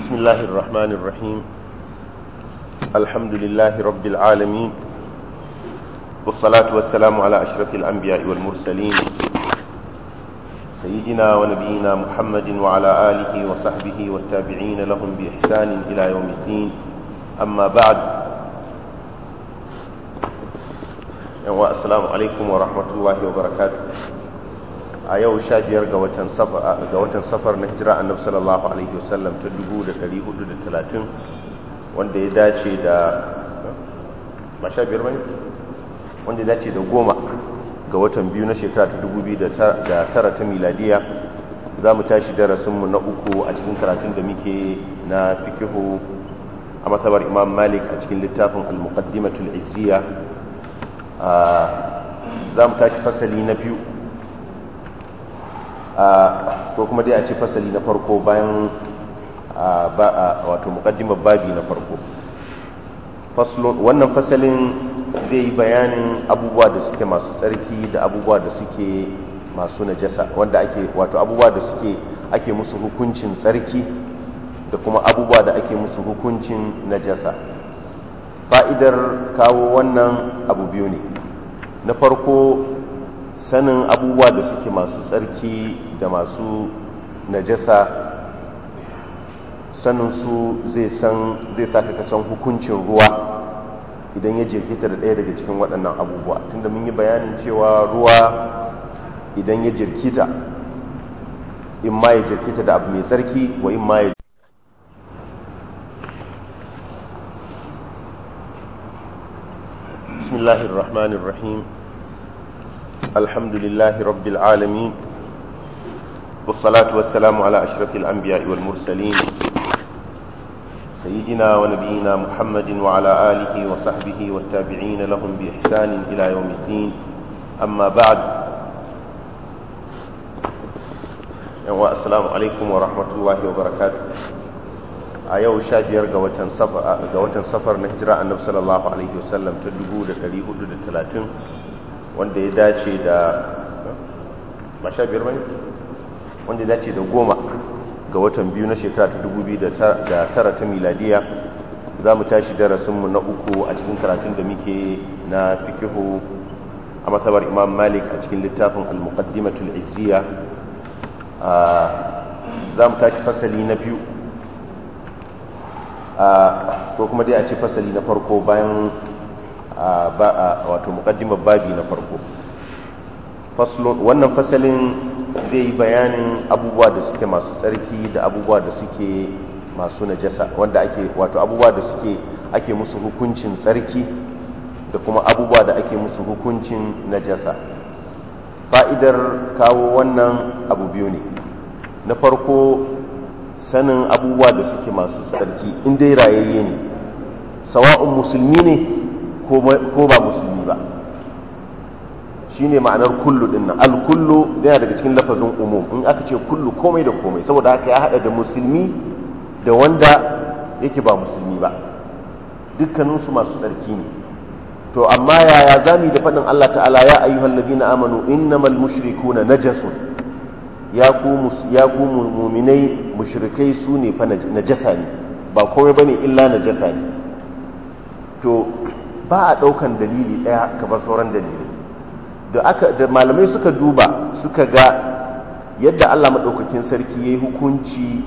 بسم الله الرحمن الرحيم الحمد لله رب العالمين والصلاة والسلام على أشرف الأنبياء والمرسلين سيدنا ونبينا محمد وعلى آله وصحبه والتابعين لهم بإحسان إلى يوم الدين أما بعد السلام عليكم ورحمة الله وبركاته a yau sha biyar ga watan safar na hijira annabi sallallahu alaihi wasallam ta dubu da ɗari hudu da talatin wanda ya dace da ba sha biyar bane wanda ya dace da goma ga watan biyu na shekara ta dubu biyu da tara ta miladiya za mu tashi darasinmu na uku a cikin karatun da muke na fikihu a matsabar imam malik a cikin littafin al-muqaddimatul izziya za mu tashi fasali na biyu ko kuma dai a ce fasali na farko bayan wato mukaddimar babi na farko wannan fasalin zai yi bayanin abubuwa da suke masu tsarki da abubuwa da suke masu najasa wanda ake wato abubuwa da suke ake musu hukuncin tsarki da kuma abubuwa da ake musu hukuncin najasa fa'idar kawo wannan abu biyu ne na farko sanin abubuwa da suke masu tsarki da masu najasa sanin su zai san zai saka ka san hukuncin ruwa idan ya jirkita da ɗaya daga cikin waɗannan abubuwa tunda mun yi bayanin cewa ruwa idan ya jirkita in ma ya jirkita da abu mai tsarki wa in ma ya bismillahir rahmanir الحمد لله رب العالمين والصلاة والسلام على أشرف الأنبياء والمرسلين سيدنا ونبينا محمد وعلى آله وصحبه والتابعين لهم بإحسان إلى يوم الدين أما بعد السلام عليكم ورحمة الله وبركاته a yau sha biyar ga watan safar na hijira annabi sallallahu alaihi wasallam ta dubu da ɗari hudu da talatin wanda ya dace da ba sha biyar bane wanda ya dace da goma ga watan biyu na shekara ta dubu biyu da tara ta miladiya za mu tashi darasinmu na uku a cikin karatun da muke na fikihu a matsabar imam malik a cikin littafin al-muqaddimatul izziya za mu tashi fasali na biyu ko kuma dai a ce fasali na farko bayan wato mukaddimar babi na farko wannan fasalin zai yi bayanin abubuwa da suke masu tsarki da abubuwa da suke masu najasa wanda ake wato abubuwa da suke ake musu hukuncin tsarki da kuma abubuwa da ake musu hukuncin najasa fa'idar kawo wannan abu biyu ne na farko sanin abubuwa da suke masu tsarki in dai rayayye ne sawa'un musulmi ne ko ba musulmi ba shi ne ma'anar kullu din nan al yana daga cikin lafazin umum in aka ce kullu komai da komai saboda haka ya haɗa da musulmi da wanda yake ba musulmi ba dukkaninsu masu tsarki ne to amma yaya zami da faɗin Allah ta'ala ya ayyuhal alladhina amanu innamal mushrikuna najasun ya ku ya ku mu'minai mushrikai sune ne fa najasa ne ba komai bane illa najasa ne to ba a ɗaukan dalili ɗaya kamar sauran dalili. da malamai suka duba suka ga yadda Allah maɗaukakin sarki ya yi hukunci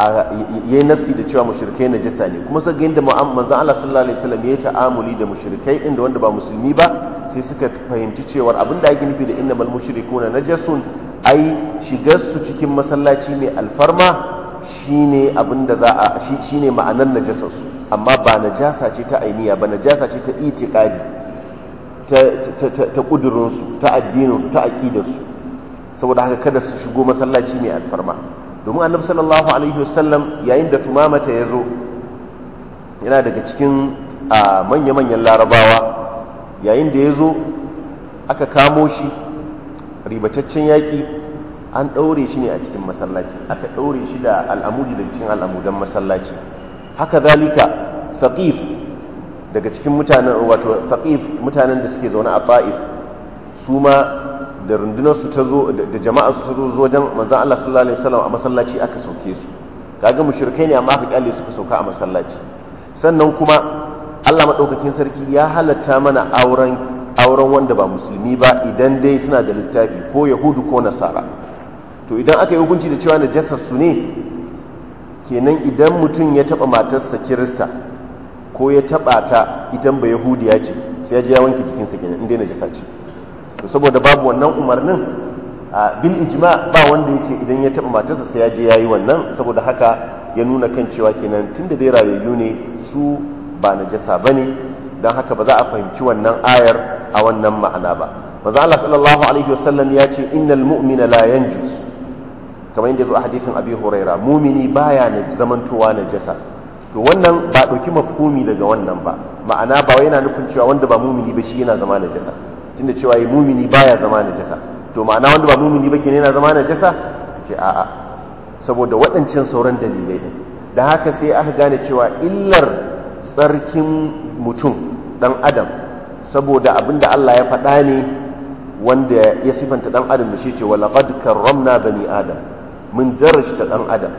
ya yi nasi da cewa mushrikai na jisa ne kuma suka yadda manzan Allah sallallahu alaihi wasallam ya yi ta'amuli da mushrikai inda wanda ba musulmi ba sai suka fahimci cewar abin da ake nufi da innamal na najasun ai shigar su cikin masallaci mai alfarma shine abinda za a shine ma'anar najasa su amma ba najasa ce ta ainiya ba najasa ce ta itikadi ta kudurin su ta addinin ta aqidar saboda haka kada su shigo masallaci mai alfarma domin annabi sallallahu alaihi wasallam yayin da tumama ya zo yana daga cikin manya-manyan larabawa yayin da ya zo aka kamo shi ribataccen yaƙi an ɗaure shi ne a cikin masallaci aka ɗaure shi da al'amudi daga cikin al'amudan masallaci haka zalika faƙif daga cikin mutanen wato faƙif mutanen da suke zaune a fa'if su ma da rundunar su ta zo da jama'ar su ta zo wajen manzan Allah sallallahu alaihi wasallam a masallaci aka sauke su kaga mushrikai ne amma aka suka sauka a masallaci sannan kuma Allah madaukakin sarki ya halatta mana auren auren wanda ba musulmi ba idan dai suna da littafi ko yahudu ko nasara to idan aka yi hukunci da cewa najasar su ne kenan idan mutum ya taba matarsa kirista ko ya taba ta idan ba yahudiya ce sai ya je ya wanke jikinsa kenan inda najasa ce to saboda babu wannan umarnin a bil ijma ba wanda ya ce idan ya taba matarsa sai ya je ya yi wannan saboda haka ya nuna kan cewa kenan tunda dai rayayyu ne su ba na ba ne. don haka ba za a fahimci wannan ayar a wannan ma'ana ba za Allah sallallahu alaihi wasallam ya ce innal mu'mina la yanjus kamar yadda zo a hadisin abi huraira mumini baya ne zamantowa jasa to wannan ba dauki mafhumi daga wannan ba ma'ana ba wai yana nufin cewa wanda ba mumini ba shi yana zama na jasa tunda cewa yi mumini baya zama na jasa to ma'ana wanda ba mumini ba kenan yana zama na jasa ce a'a saboda waɗancan sauran dalilai ne da haka sai aka gane cewa illar tsarkin mutum dan adam saboda abinda Allah ya faɗa ne wanda ya sifanta dan adam da shi ce laqad karramna bani adam mun darashta ɗan adam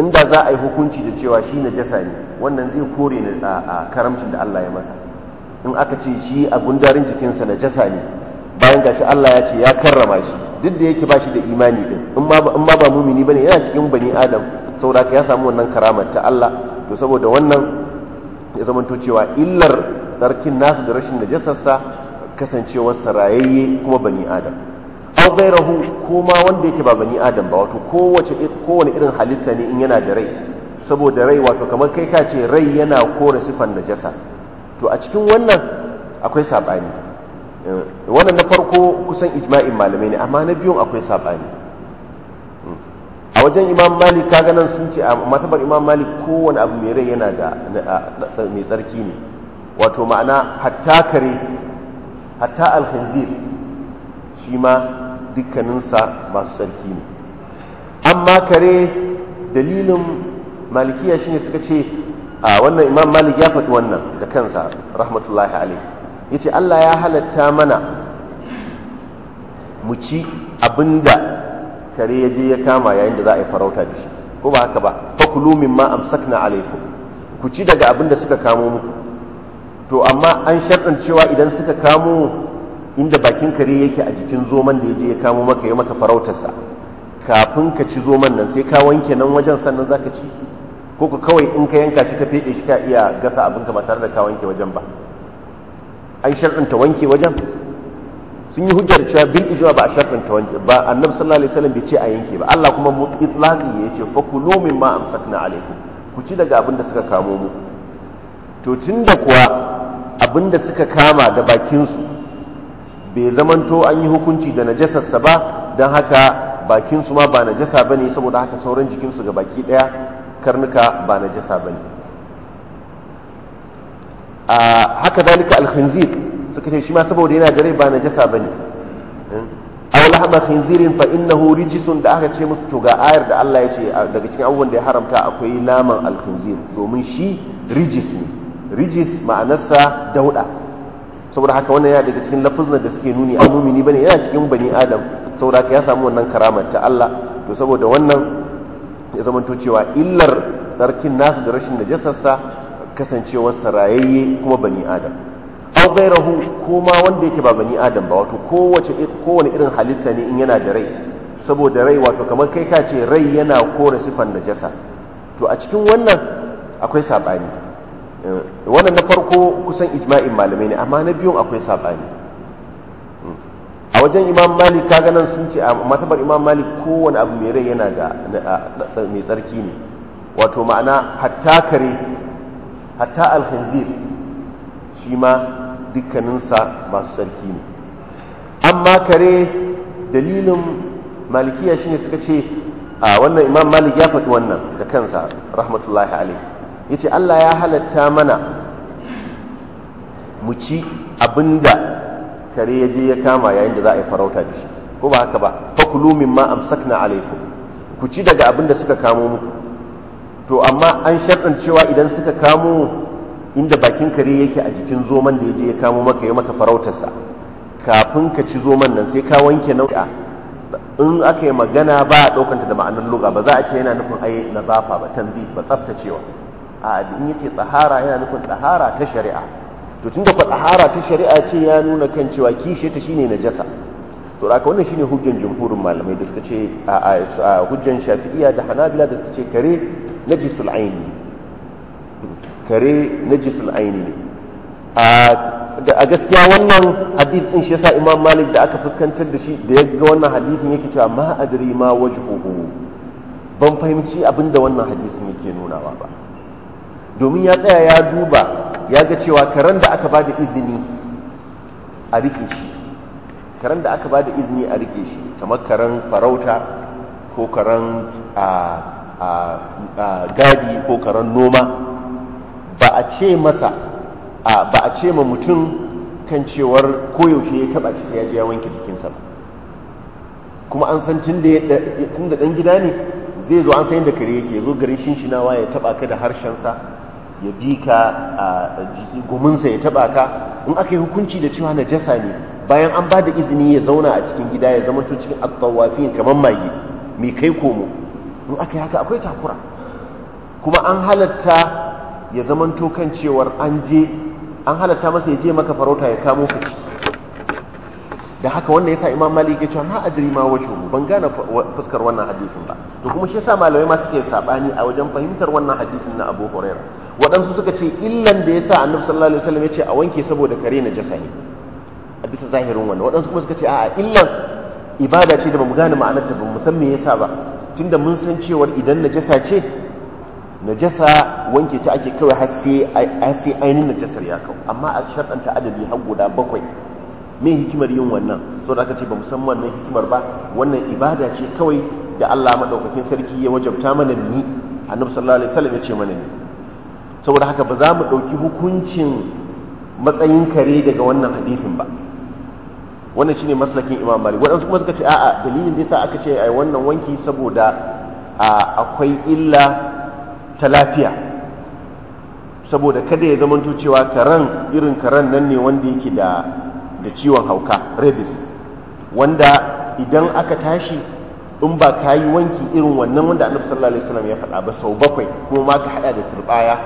inda za a yi hukunci da cewa shi na jasa ne wannan zai kore ni a karamcin da Allah ya masa in aka ce shi a gundarin jikinsa na jasa ne bayan gashi Allah ya ce ya karrama shi duk da yake bashi da imani din in ma ba mumini bane yana cikin bani adam saboda ya samu wannan karamar ta Allah to saboda wannan ya zamanto cewa illar sarkin nasu da rashin najasarsa kasancewar sarayayye kuma bani adam aw ghayrahu ko wanda yake ba bani adam ba wato kowace kowane irin halitta ne in yana da rai saboda rai wato kamar kai ka ce rai yana kore sifan najasa to a cikin wannan akwai sabani eh, wannan na farko kusan ijma'in malamai ne amma na biyun akwai sabani hmm. a wajen imam malik ka nan sun ce a matabar imam malik kowane abu mai rai yana da mai tsarki ne wato ma'ana hatta kare hatta alhanzir shi ma dukkaninsa masu sarki ne amma kare dalilin malikiya shine suka ce a wannan imam malik ya faɗi wannan da kansa rahmatullahi alaihi ce Allah ya halatta mana mu ci abinda kare ya je ya kama yayin da za a yi farauta da shi ko ba haka ba fakulu mimma amsakna alaikum ku ci daga abin da suka kamo muku to amma an sharɗan cewa idan suka kamo inda bakin kare yake a jikin zoman da ya je ya kamo maka ya maka farautarsa kafin ka ci zoman nan sai ka wanke nan wajen sannan za ka ci ko ka kawai in ka yanka shi ka feɗe shi ka iya gasa abin ka ba tare da ka wanke wajen ba an sharɗanta wanke wajen sun yi hujjar cewa bin ijiwa ba a sharɗanta wanke ba annabi sallallahu alaihi wasallam bai ce a yanke ba Allah kuma mu itlaqi ya ce fa kulu mimma amsakna alaikum ku ci daga abin da suka kamo mu to tunda kuwa abin da suka kama da bakin su bai zamanto an yi hukunci da najasarsa ba don haka bakinsu ma ba najasa ba ne saboda haka sauran jikinsu ga baki daya karnuka ba najasa ba ne haka dalika alkhinzir suka ce shi ma saboda yana da rai ba najasa ba ne lahma khinzirin fa innahu rijisun da aka ce musu to ga ayar da Allah ya ce daga cikin abubuwan da ya haramta akwai naman alkhinzir domin shi rijis ne rijis ma'anarsa dauda saboda haka wannan yana daga cikin lafazin da suke nuni an mumini bane yana cikin bani adam saboda haka ya samu wannan karamar ta Allah to saboda wannan ya zama to cewa illar sarkin nasu da rashin najasarsa kasancewar sarayayye kuma bani adam aw gairahu ko ma wanda yake ba bani adam ba wato kowace kowane irin halitta ne in yana da rai saboda rai wato kamar kai ka ce rai yana kore sifan najasa to a cikin wannan akwai sabani Eh, wannan na farko kusan ijma'in malamai ne amma na biyun akwai saɓani hmm. a wajen imam malik kaga nan sun ce a matabar imam malik kowane abu mai rai yana da mai tsarki ne wato ma'ana hatta kare hatta alhanzir shi ma dukkaninsa masu tsarki ne amma kare dalilin malikiya shine suka ce a wannan imam malik ya faɗi wannan da kansa rahmatullahi alaihi ya ce Allah ya halatta mana mu ci abinda kare ya je ya kama yayin da za a yi farauta da shi ko ba haka ba fakulu ma amsakna alaikum ku ci daga abin da suka kamo muku to amma an sharɗan cewa idan suka kamo inda bakin kare yake a jikin zoman da ya je ya kamo maka ya maka farautarsa kafin ka ci zoman nan sai ka wanke nau'a in aka yi magana ba a ɗaukanta da ma'anar luga ba za a ce yana nufin ai na zafa ba tanzi ba tsaftacewa a abin yake tsahara yana nufin tsahara ta shari'a to tun da ku tsahara ta shari'a ce ya nuna kan cewa kishe ta shine najasa to raka wannan shine hujjan jumhurin malamai da suka ce a hujjan shafi'iyya da hanabila da suka ce kare najisul aini kare najisul aini ne a gaskiya wannan hadith din shi yasa imam malik da aka fuskantar da shi da ya ga wannan hadithin yake cewa ma adri ma wajhuhu ban fahimci abinda wannan hadisin yake nunawa ba domin ya tsaya ya duba ya ga cewa karen da aka ba da izini a rike shi karen da aka ba da izini a rike shi kamar karen farauta ko karen gadi ko karen noma ba a ce masa ba a ce ma mutum kan cewar koyaushe ya taba shi sai ya jiya wanke jikinsa ba kuma an san tun da dan gida ne zai zo an san da kare yake zo garin shinshinawa ya taba ka da harshensa ya bi ka a guminsa ya taba ka in aka yi hukunci da cewa najasa ne bayan an ba da izini ya zauna a cikin gida ya zama cikin attawafin kamar mage mai kai komo in aka yi haka akwai takura kuma an halatta ya zama kan cewar an je an halatta masa ya je maka farauta ya kamo kaci. da haka wannan yasa imam malik ya ce na adri ma wace ban gane fuskar wannan hadisin ba to kuma shi yasa malamai ma suke sabani a wajen fahimtar wannan hadisin na abu huraira waɗansu suka ce illan da yasa annabi sallallahu alaihi wasallam ya ce a wanke saboda kare na jasa ne a bisa zahirin wannan waɗansu kuma suka ce a'a illan ibada ce da bamu gane ma'anar ta mu san me yasa ba tunda mun san cewar idan najasa ce najasa wanke ta ake kawai har sai ainihin najasar ya kawo amma a shaɗanta adadi har guda bakwai Mai hikimar yin wannan to da aka ce ba musamman wannan hikimar ba wannan ibada ce kawai da Allah madaukakin sarki ya wajabta mana ni annabi sallallahu alaihi wasallam ya ce mana ni saboda haka ba za mu dauki hukuncin matsayin kare daga wannan hadisin ba wannan shine maslakin Imam Malik wadansu kuma suka ce a'a dalilin da yasa aka ce ai wannan wanki saboda akwai illa ta lafiya saboda kada ya zamanto cewa karan irin karan nan ne wanda yake da da ciwon hauka rabies wanda idan aka tashi in ba ka yi wanki irin wannan wanda annabi sallallahu alaihi wasallam ya faɗa ba sau bakwai kuma ma ka haɗa da turbaya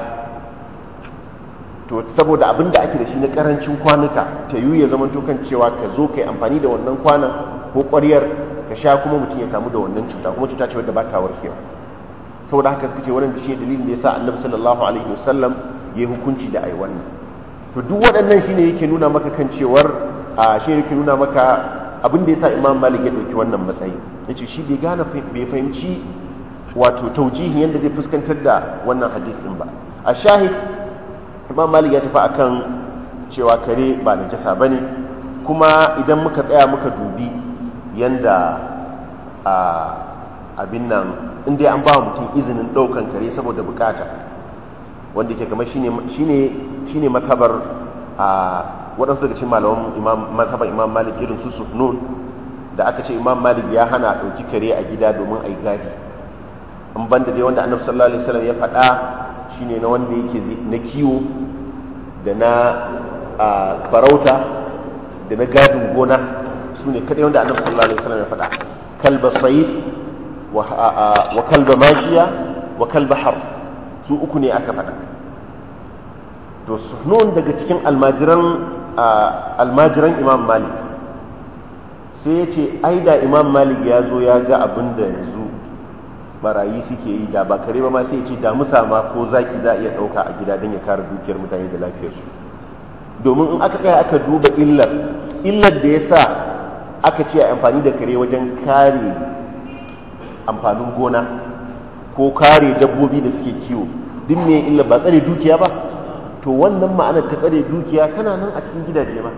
to saboda abin da ake da shi na karancin kwanuka ta yi ya zama kan cewa ka zo ka yi amfani da wannan kwanan ko ƙwaryar ka sha kuma mutum ya kamu da wannan cuta kuma cuta ce wadda ba ta warkewa saboda haka suka ce wannan shi dalilin da ya sa annabi sallallahu alaihi wasallam ya yi hukunci da ai wannan to duk waɗannan shine yake nuna maka kan cewar a shi yake nuna maka abin da ya sa imam malik ya ɗauki wannan matsayi ya ce shi bai gane bai fahimci wato taujihin yadda zai fuskantar da wannan hadithin ba a shahi imam malik ya tafi akan cewa kare ba na jasa ba ne kuma idan muka tsaya muka dubi yadda abin nan inda an ba mutum izinin ɗaukan kare saboda bukata wanda ke kama shine shine matabar a waɗansu daga cikin malaman mazhaban imam malik irin su sufnun da aka ce imam malik ya hana a ɗauki kare a gida domin a yi gadi An ban da dai wanda annabi sallallahu alaihi wasallam ya faɗa shine na wanda yake na kiwo da na farauta da na gadin gona su ne kaɗai wanda annabi sallallahu alaihi wasallam ya faɗa kalba sayid wa kalba mashiya wa kalba har su uku ne aka faɗa to sunun daga cikin almajiran A almajiran imam malik sai ya ce ai da imam malik ya zo ya ga abin da yanzu barayi suke yi da ba kare ba ma sai ya ce da musa ma ko zaki za a iya ɗauka a gida don ya kare dukiyar mutane da lafiyarsu domin in aka kai aka duba illar illar da ya sa aka ce a amfani da kare wajen kare amfanin gona ko kare dabbobi da suke kiwo duk me illar ba tsare dukiya ba to wannan ma'anar ta tsare dukiya tana nan a cikin gidaje ma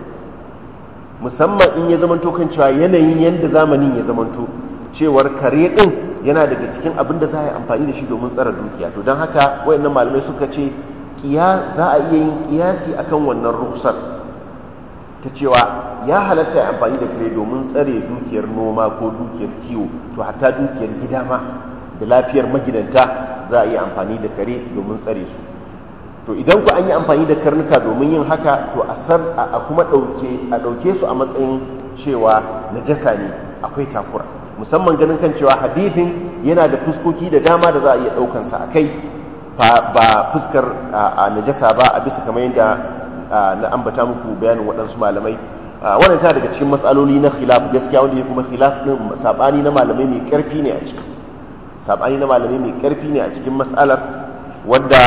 musamman in ya zamanto kan cewa yanayin yadda zamanin ya zamanto cewar kare din yana daga cikin abin da za a yi amfani da shi domin tsara dukiya to don haka wayannan malamai suka ce kiya za a iya yin kiyasi akan wannan rusar ta cewa ya halatta ya amfani da kare domin tsare dukiyar noma ko dukiyar kiwo to hatta dukiyar gida ma da lafiyar magidanta za a iya amfani da kare domin tsare su to idan ku an yi amfani da karnuka domin yin haka to a san a kuma ɗauke a su a matsayin cewa najasa ne akwai takura musamman ganin kan cewa hadithin yana da fuskoki da dama da za a iya ɗaukansa a kai ba fuskar a najasa ba a bisa kamar yadda na ambata muku bayanin waɗansu malamai wannan ta daga cikin matsaloli na khilaf gaskiya wanda ya kuma khilaf ɗin sabani na malamai mai ƙarfi ne a cikin sabani na malamai mai ƙarfi ne a cikin matsalar wadda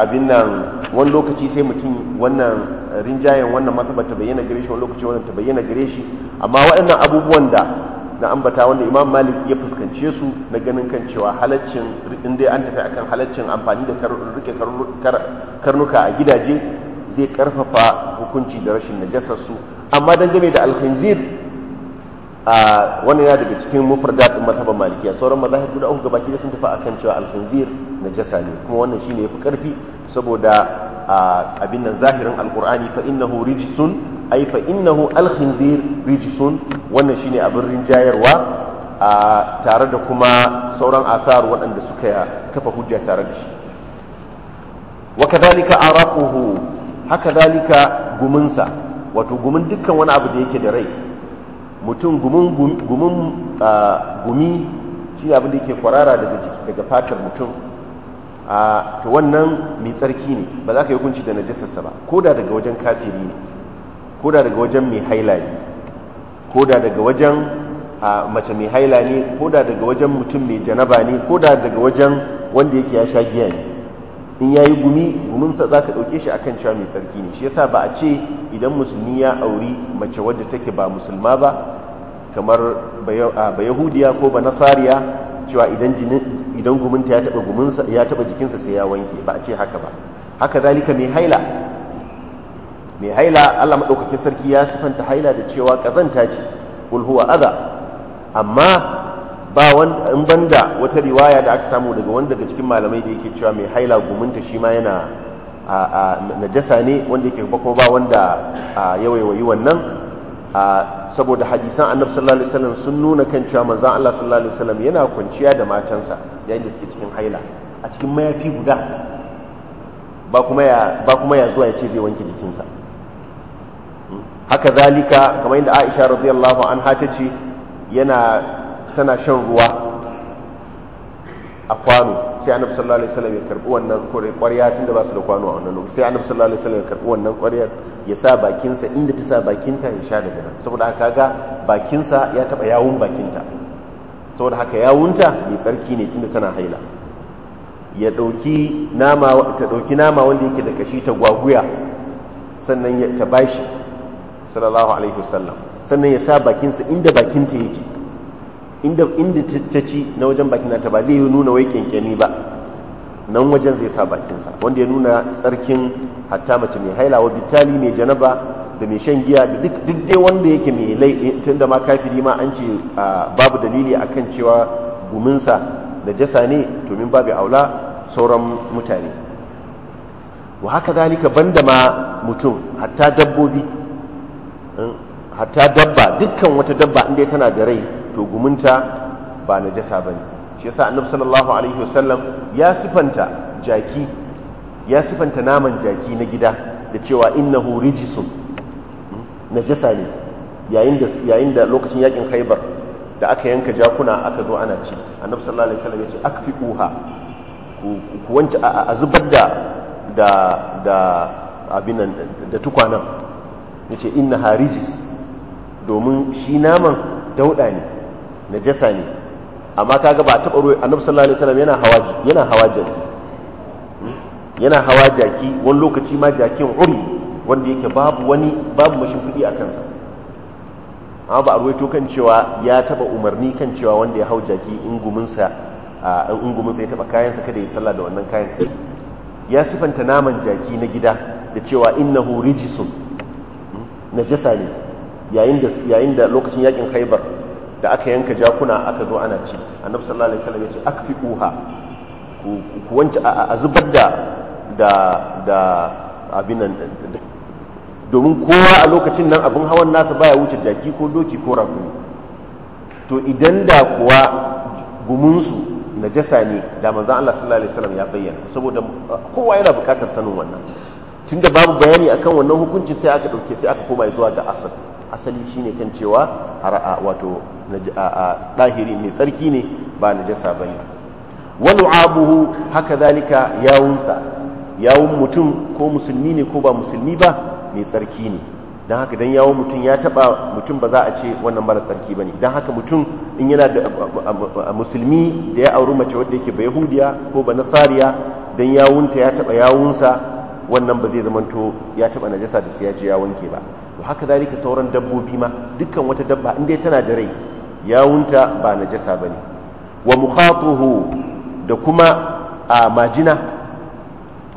abin nan wani lokaci sai mutum wannan rinjayen wannan masu bata bayyana gare shi wani lokaci wannan ta bayyana gare shi amma waɗannan abubuwan da na ambata wanda imam malik ya fuskance su na ganin kan cewa halaccin in dai an tafi akan halaccin amfani da rike karnuka a gidaje zai karfafa hukunci da rashin najasar su amma dangane da alkhinzir a wannan yana daga cikin mufradat din mazhaban malikiya sauran mazahib guda uku gabaki da sun tafi kan cewa na najasa ne kuma wannan shine yafi karfi saboda abin nan zahirin alqur'ani fa innahu rijsun ay fa innahu alkhinzir rijsun wannan shine abin rinjayarwa a tare da kuma sauran asar waɗanda suka kafa hujja tare da shi wa kadhalika araquhu haka dalika guminsa wato gumin dukkan wani abu da yake da rai mutum gumin gumi shi abin da yake kwarara daga fatar mutum a ta wannan mai tsarki ne ba za ka yi hukunci da najasarsa ba ko da daga wajen kafiri ne ko da daga wajen mai haila ne ko da daga wajen mace mai haila ne ko daga wajen mutum mai janaba ne ko da daga wajen wanda yake ya sha giya ne in ya yi gumi guminsa za ka ɗauke shi akan cewa mai tsarki ne shi yasa ba a ce idan musulmi ya auri mace wadda take ba musulma ba kamar ba yahudiya ko ba nasariya cewa idan guminta ya taɓa guminsa ya taɓa jikinsa sai ya wanke ba a ce haka ba haka zalika mai haila mai haila Allah maɗaukakin sarki ya sifanta haila da cewa ƙazanta ce kul amma ba wanda in banda wata riwaya da aka samu daga wanda daga cikin malamai da yake cewa mai haila gumunta shi ma yana a najasa ne wanda yake kuma ba wanda yi wannan saboda hadisan annabi sallallahu alaihi wasallam sun nuna kan cewa manzon Allah sallallahu alaihi wasallam yana kwanciya da matansa yayin da suke cikin haila a cikin mayafi guda ba kuma ya zuwa ya ce zai wanke jikinsa hmm. haka zalika kamar yadda Aisha radiyallahu anha ta ce yana tana shan ruwa a kwano sai annabi sallallahu alaihi wasallam ya karbi wannan ƙwarya tunda ba su da kwano a wannan lokaci sai annabi sallallahu alaihi wasallam ya karbi wannan ƙwaryar ya sa bakinsa inda ta sa bakinta ya sha daga nan saboda haka ga bakinsa ya taba yawun bakinta saboda haka yawunta mai tsarki ne tunda tana haila ya dauki nama ta dauki nama wanda yake da kashi ta gwaguya sannan ya ta bashi sallallahu alaihi wasallam sannan ya sa bakinsa inda bakinta yake inda inda ta na wajen bakin nata ba zai nuna wai kyankyani ba nan wajen zai sa bakinsa wanda ya nuna tsarkin hatta mace mai haila wa bitali mai janaba da mai shan giya da duk dai wanda yake mai lai tun da ma kafiri ma an ce babu dalili a kan cewa guminsa da jasa ne domin babu aula sauran mutane wa haka zalika banda ma mutum hatta dabbobi hmm, hatta dabba dukkan wata dabba inda tana da rai to gumunta ba najasa ne shi yasa annabi sallallahu alaihi wasallam ya sifanta jaki ya sifanta naman jaki na gida da cewa innahu rijisun hmm? jasa ne yayin da yayin da lokacin yakin khaybar da aka yanka jakuna aka zo ana ci annabi sallallahu alaihi wasallam ya ce akfiquha ku ku wanci a zubar da da da abinan da tukwanan yace inna harijis domin shi naman dauda ne najasa ne amma kaga ba taɓa ruwa annabi sallallahu alaihi wasallam yana hawa yana hawa jaki yana hawa jaki wani lokaci ma jakin uri wanda yake babu wani babu mashin kuɗi a kansa amma ba a ruwaito kan cewa ya taɓa umarni kan cewa wanda ya hau jaki ingumunsa a ya taɓa kayansa kada ya sallah da wannan kayansa ya sifanta naman jaki na gida da cewa innahu rijisun hmm? najasa ne yayin da lokacin yakin haibar da aka yanka jakuna aka zo ana ci annabi sallallahu alaihi wasallam ya ce akfi ku wanci a zubar da da abin nan domin kowa a lokacin nan abin hawan nasa baya wuce jaki ko doki ko rago to idan da kuwa gumunsu najasa ne da manzo Allah sallallahu alaihi wasallam ya bayyana saboda kowa yana bukatar sanin wannan tunda babu bayani akan wannan hukuncin sai aka dauke sai aka koma zuwa ga asali asali shi ne kan cewa wato ɗahiri mai tsarki ne ba najasa ba ne wani abuhu haka zalika yawunsa yawun mutum ko musulmi ne ko ba musulmi ba mai tsarki ne don haka don yawon mutum ya taba mutum ba za a ce wannan mara tsarki ba ne don haka mutum in yana da musulmi da ya auri mace wadda yake ba yahudiya ko ba nasariya don yawunta ya taba yawunsa wannan ba zai zamanto ya taba najasa da siya ya ya wanke ba to haka zalika sauran dabbobi ma dukkan wata dabba in dai tana da rai yawunta ba najasa bane wa mukhatuhu da kuma a majina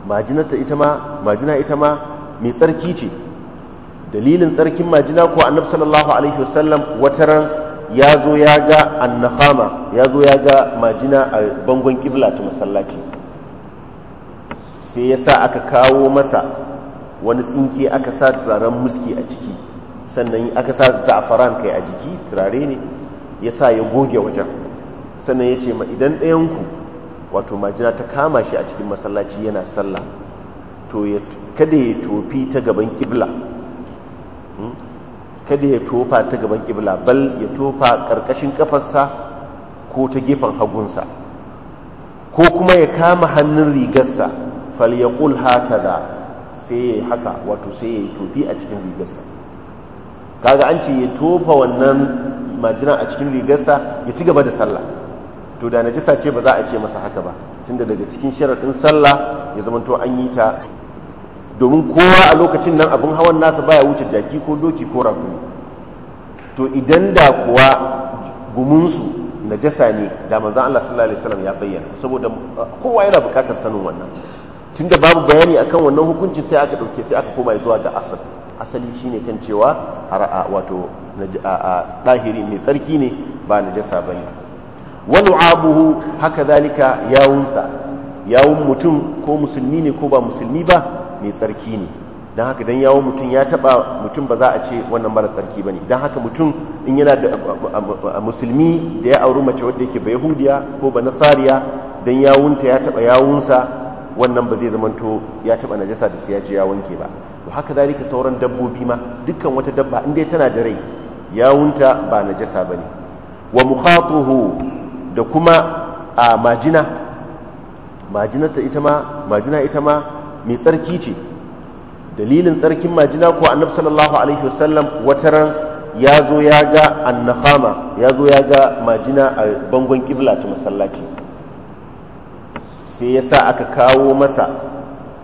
majinata ita ma majina ita ma mai tsarki ce dalilin tsarkin majina ko annabi sallallahu alaihi wasallam wataran ya zo ya ga annahama ya zo ya ga majina a bangon kibla ta masallaci sai ya sa aka kawo masa wani tsinke aka sa turaren muski a ciki sannan aka sa za'afaran kai a jiki turare ne ya sa ya goge wajen sannan ya ce ma idan ɗayanku wato majina ta kama shi a cikin masallaci yana sallah to kada ya tofi ta gaban kibla hmm? kada ya tofa ta gaban kibla bal ya tofa ƙarƙashin ƙafarsa ko ta gefen hagunsa ko kuma ya kama hannun rigarsa haka da, sai haka wato sai yayi tofi a cikin rigarsa kaga an ce ya tofa wannan majina a cikin rigarsa ya ci gaba da sallah to da najisa ce ba za a ce masa haka ba tunda daga cikin sharaɗin sallah ya zama to an yi ta domin kowa a lokacin nan abin hawan nasa baya wuce jaki ko doki ko rabu to idan da kuwa gumunsu najasa ne da manzon Allah sallallahu alaihi wasallam ya bayyana saboda kowa yana bukatar sanin wannan tunda babu bayani akan wannan hukuncin, sai aka dauke sai aka koma zuwa ga asali. asali shine kan cewa wato dahiri mai tsarki ne ba najasa bane wani abubu haka zalika yawunsa yawun mutum ko musulmi ne ko ba musulmi ba mai tsarki ne don haka don yawun mutum ya taba mutum ba za a ce wannan mara tsarki ba ne don haka mutum in yana da musulmi da ya auri mace wadda yake ba yahudiya ko ba nasariya don yawunta ya taba yawunsa wannan ba zai zamanto ya taba najasa da siyaji ya ya wanke ba to haka zalika sauran dabbobi ma dukkan wata dabba indai tana da rai yawunta ba najasa bane wa mukhatuhu da kuma a majina ta ita ma majina ita ma mai tsarki ce dalilin tsarkin majina ko annabi sallallahu alaihi wasallam ran ya zo ya ga annafama ya zo ya ga majina a bangon kibla ta masallaci sai ya sa aka kawo masa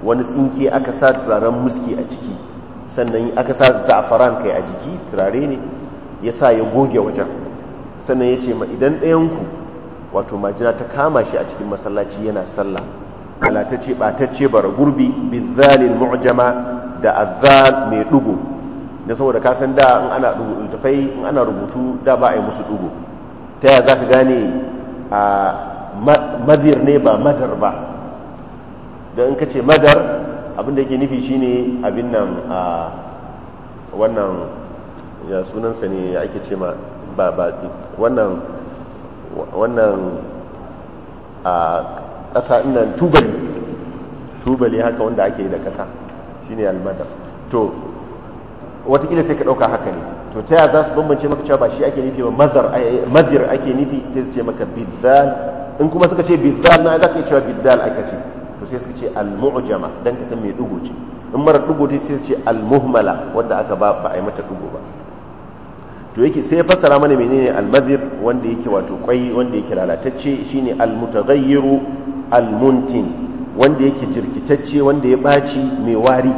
wani tsinke aka sa turaren muski a ciki sannan aka sa za'afaran kai a jiki turare ne ya sa ya goge wajen sannan ya ce ma idan ɗayanku wato majina ta kama shi a cikin masallaci yana sallah ce ɓatacce bara gurbi bizalin mu'jama da azal mai ɗugo da saboda kasan da in ana ɗugo in ana rubutu da ba a yi musu ɗugo ta yaya za ka gane a madir ne ba madar ba don in ka ce madar abinda yake nufi shine abin nan a wannan ya sunansa ne ya ake ce ma ba ba wannan wannan a ƙasa nan tubali tubali haka wanda ake yi da ƙasa shine almadar to watakila sai ka ɗauka haka ne to ta yaya za su bambance maka cewa ba shi ake nufi ba mazar ake nufi sai su ce maka bidzal in kuma suka ce biddal na za ka cewa biddal aka ce to sai suka ce al-mu'jama dan ka san me dugo ce in mara dugo dai sai su ce al-muhmala wanda aka ba ba a yi mata dugo ba to yake sai ya fassara mana menene al-madhir wanda yake wato kwai wanda yake lalatacce shine al-mutaghayyiru al-muntin wanda yake jirkitacce wanda ya baci mai wari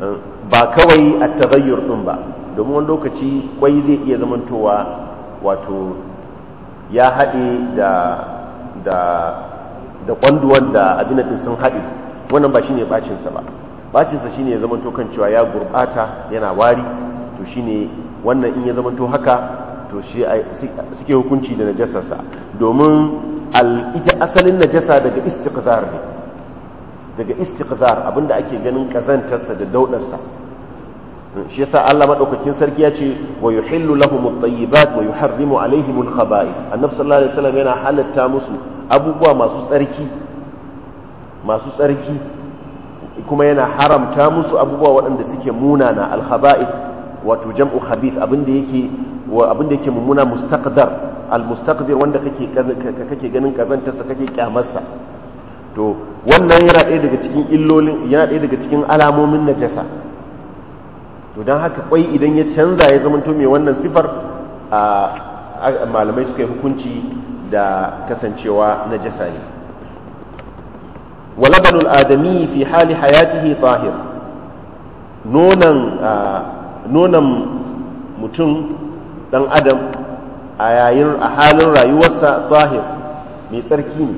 eh, ba kawai at-taghayyur din ba domin wani lokaci kwai zai iya zamantowa wato ya haɗe da kwanduwan da abinatin sun haɗe wannan ba shi ne bacinsa ba bacinsa ne ya zamanto kan cewa ya gurɓata, yana wari to shi ne wannan in ya zamanto haka to shi suke hukunci da najasarsa domin ita asalin najasa daga istikazar ne daga abin abinda ake ganin ƙazantarsa da daudarsa shi yasa Allah madaukakin sarki ya ce wa yuhillu lahum at-tayyibat wa yuharrimu alaihim al-khaba'ith annabi sallallahu alaihi wasallam yana halatta musu abubuwa masu tsarki masu tsarki kuma yana haramta musu abubuwa waɗanda suke munana al-khaba'ith wato jam'u khabith abinda yake abinda yake mummuna mustaqdar al-mustaqdir wanda kake kake ganin kazantarsa kake kyamarsa to wannan yana ɗaya daga cikin illolin yana ɗaya daga cikin alamomin najasa to don haka kwai idan ya canza ya zama to mai wannan sifar a malamai suka yi hukunci da kasancewa na jasa ne walabanul adami fi hali hayatihi tahir nonan mutum dan adam a yayin a halin rayuwarsa tahir mai tsarki ne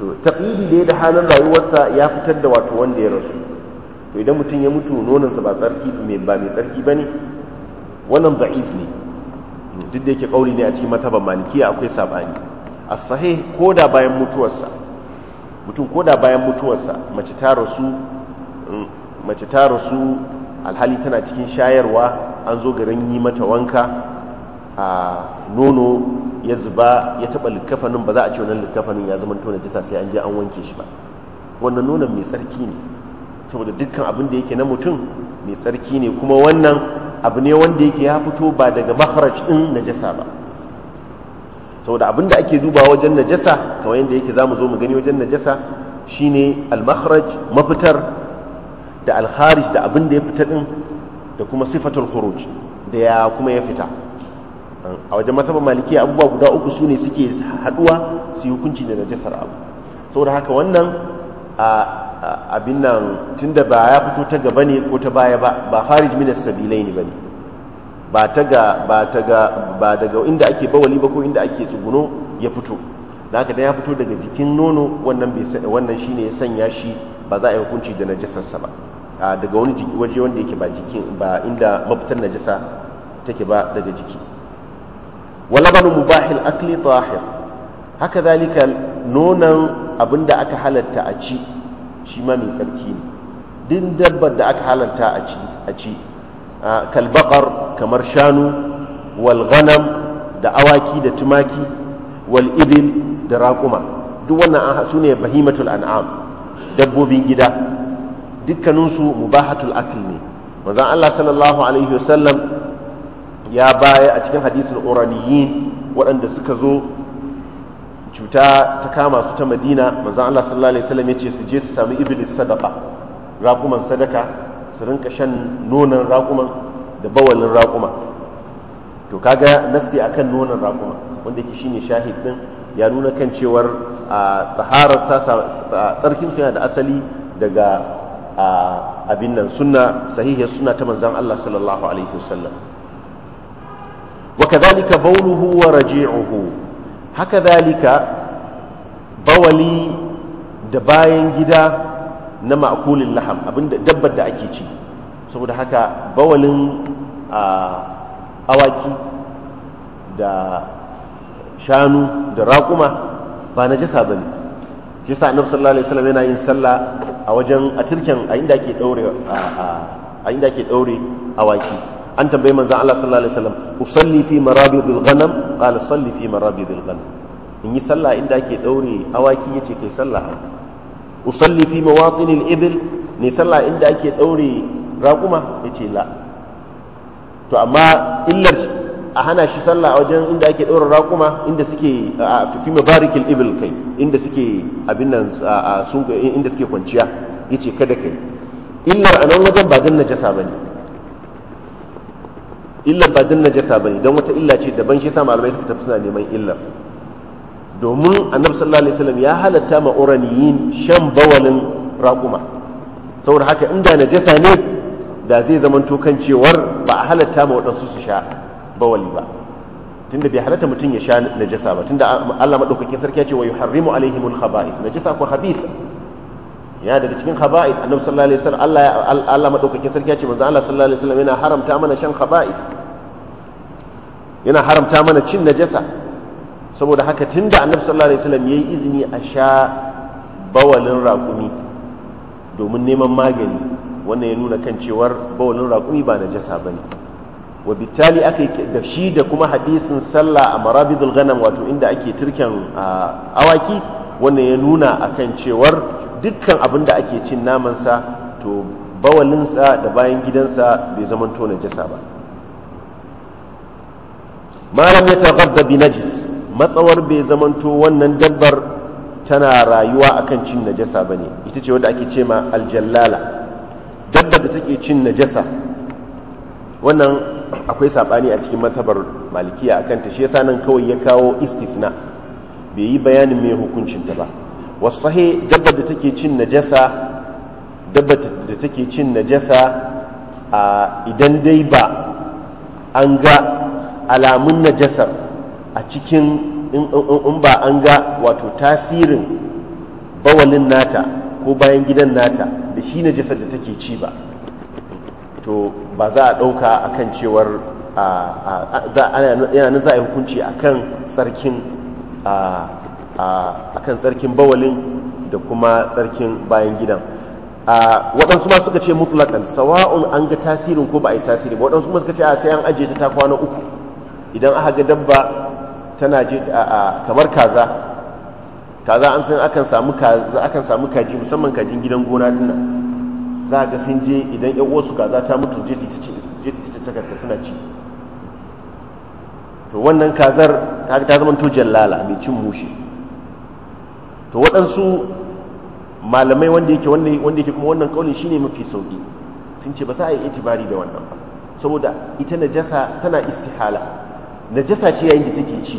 to taƙidi da da halin rayuwarsa ya fitar da wato wanda ya rasu to idan mutum ya mutu nonansa ba tsarki ba mai tsarki ba ne wannan da'if ne duk da yake kauli ne a cikin mataban malikiya akwai sabani a sahih koda bayan mutuwarsa mutum koda bayan mutuwarsa mace ta rasu mm, mace ta rasu alhali tana cikin shayarwa an zo garin yi mata wanka a nono ya zuba ya taba likkafanin ba za a ce wannan likkafanin ya zama tona jisa sai an je an wanke shi ba wannan nonon mai tsarki ne saboda dukkan abin da yake na mutum mai tsarki ne kuma wannan abu ne wanda yake ya fito ba daga ɗin din najasa ba saboda abin da ake duba wajen najasa kawai yadda yake mu zo mu gani wajen najasa shine al-makhraj mafitar da al-kharij da abin da ya fita din da kuma sifatul khuruj da ya kuma ya fita a wajen mazhabin maliki abubuwa guda uku sune suke haduwa su yi hukunci da najasar abu saboda haka wannan a abin nan da ba ya fito ta gaba ne ko ta baya ba ba harij minas sabilai ne bane ba ta ga ba ta ga ba daga inda ake bawali ba ko inda ake tsuguno ya fito da haka da ya fito daga jikin nono wannan bai wannan shine ya sanya shi ba za a yi hukunci da najasarsa ba daga wani jiki waje wanda yake ba jikin ba inda mafitar najasa take ba daga jiki wala banu mubahil akli tahir haka zalika nonan abinda aka halatta a ci shi ma mai tsarki ne din dabbar da aka halarta a ci a kalbakar kamar shanu wal da awaki da tumaki wal ibil da raƙuma duk wannan su ne bahimatul an'am dabbobin gida dukkaninsu mubahatul akil ne manzon Allah sallallahu alaihi wasallam ya baya a cikin hadisin uraniyin waɗanda suka zo cuta ta kama su ta madina manzan allah sallallahu alaihi wasallam ya ce su je su sami iblis sadaka raƙuman sadaka su rinka shan nonon raƙuman da bawalin raƙuma to kaga nassi akan nonon raƙuma wanda yake shine shahid din ya nuna kan cewar tsaharar ta tsarkin suna da asali daga abin nan suna sahihiyar suna ta manzan Allah sallallahu alaihi wasallam wa kadhalika bawluhu wa raji'uhu haka zalika bawali da bayan gida na ma'akulin laham abinda dabbar da ake ci saboda haka bawalin awaki da shanu da raƙuma ba na jasa ba ne jisa na annabi sallallahu yana yin sallah a wajen a turken a inda a inda daure awaki an tambayi manzon Allah sallallahu alaihi wasallam usalli fi marabidil ghanam qala salli fi marabidil ghanam in yi sallah inda ake daure awaki yace kai sallah usalli fi mawatinil ibil ne sallah inda ake daure raquma yace la to amma illar a hana shi sallah a wajen inda ake daura raquma inda suke fi mabarikil ibil kai inda suke abin nan sun inda suke kwanciya yace kada kai illar a nan wajen ba dan najasa bane illar ba din najasa ne don wata illa ce daban shi sa malamai suka tafi suna neman illar domin annabi sallallahu alaihi wasallam ya halatta ma uraniyin shan bawalin raƙuma saboda haka inda najasa ne da zai zama kan cewar ba a halatta ma waɗansu su sha bawali ba tunda bai halatta mutum ya sha najasa ba tunda Allah madaukakin sarki ya ce wa yuharrimu alaihimul khaba'ith najasa ko khabith ya daga cikin khaba'ith annabi sallallahu alaihi wasallam Allah Allah madaukakin sarki ya ce manzo Allah sallallahu alaihi wasallam yana haramta mana shan khaba'ith yana haramta mana cin najasa saboda haka tunda annabi sallallahu alaihi wasallam yayi izini a sha bawalin raƙumi domin neman magani wannan ya nuna kan cewar bawalin raƙumi ba najasa bane wa bitali aka da shi da kuma hadisin salla a marabidul ghanam wato inda ake turken awaki wannan ya nuna akan cewar dukkan abinda ake cin namansa to bawalinsa da bayan gidansa bai zama to najasa ba malam ya taghadda bi najis matsawar bai zamanto wannan dabbar tana rayuwa akan cin najasa ne, ita ce wanda ake ce ma aljallala dabbar da take cin najasa wannan akwai saɓani a cikin matabar malikiya akan ta shi yasa nan kawai ya kawo istifna bai yi bayanin mai hukuncin ta ba wasahe dabbar da take cin najasa dabbar da take cin najasa a idan dai ba an ga alamun najasar a cikin in ba an ga wato tasirin bawalin nata ko bayan gidan nata da shi najasar da take ci ba to ba za a ɗauka a kan cewar yana za a yi hukunci a kan tsarkin a kan bawalin da kuma tsarkin bayan gidan waɗansu ma suka ce mutlakan sawa'un an ga tasirin ko ba a yi tasiri waɗansu ma suka ce a sai an ajiye ta kwana uku idan aka ga dabba tana je kamar kaza kaza an san akan samu kaza akan samu kaji musamman kajin gidan gona din nan za ga sun je idan ƴan uwansu kaza ta mutu je ta ci je ta ce suna ci to wannan kazar ta zama to jallala mai cin mushi to waɗansu malamai wanda yake wanda yake kuma wannan kaulin shine mafi sauki sun ce ba za a yi itibari da wannan ba saboda ita najasa tana istihala jasa ce yayin da take ci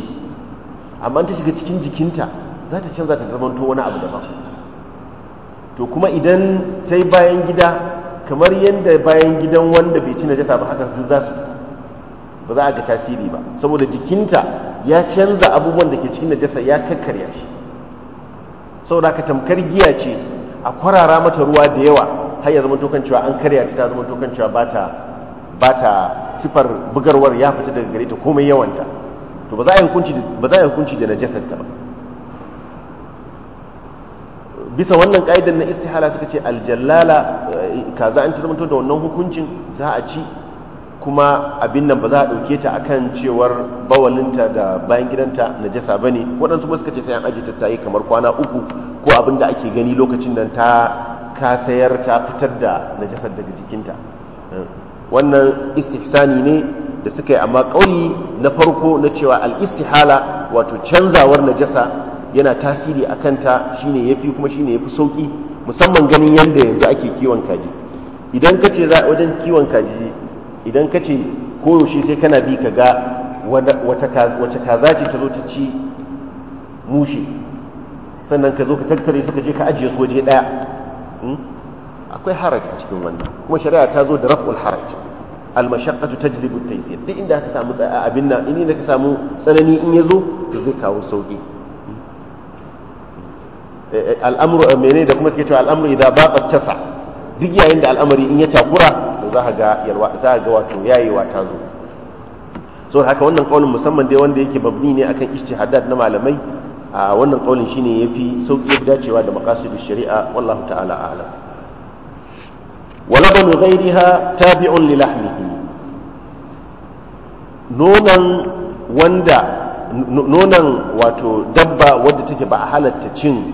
amma ta shiga cikin jikinta za ta canza ta zamanto wani abu daban to kuma idan ta yi bayan gida kamar yadda bayan gidan wanda bai ci jasa ba haka su za su ba za a ga tasiri ba saboda jikinta ya canza abubuwan da ke cikin najasa ya kakkarya shi saboda ka tamkar giya ce a kwarara mata ruwa da yawa har ya zama tokancewa an karya ta zama tokancewa ba ta ba ta sifar bugarwar ya fita daga gare ta komai yawanta to ba za a hukunci ba za a hukunci da najasar ta ba bisa wannan ka'idar na istihala suka ce aljallala eh, kaza an tarmanto da wannan hukuncin za a ci kuma abin nan ba za a ɗauke ta akan cewar bawalinta da bayan gidanta najasa ba ne waɗansu kuma suka ce sai an aji ta tayi kamar kwana uku ko abin da ake gani lokacin nan ta kasayar ta fitar da najasar daga jikinta wannan istihsani ne da suka yi amma ƙauye na farko na cewa al-istihala wato canzawar najasa yana tasiri a kanta shine yafi kuma shine yafi sauki musamman ganin yadda yanzu ake kiwon kaji idan ka ce za wajen kiwon kaji idan ka ce koyaushe sai kana bi ka ga wata kaza ce ta zo ta ci mushe sannan ka zo ka tattare suka je ka ajiye su waje ɗaya hmm? akwai haraj a cikin wannan kuma shari'a ta zo da raf'ul haraj al-mashaqqatu tajlibu at-taysir duk inda ka samu abin nan in ka samu tsanani in yazo to zai kawo sauki eh, eh, al-amru eh, menene da kuma suke cewa al-amru idza baqat tasa duk yayin da al'amari in ya takura to za ka ga yalwa za ka ga wato yayewa ta zo so haka wannan kaulin musamman dai wanda yake babni ne akan ijtihadat na malamai a wannan kaulin shine yafi sauki dacewa da maqasidish shari'a wallahu ta'ala a'lam wa labanu ghairiha tabi'un li lahmihi nonan wanda nonan wato dabba wadda take ba a halatta cin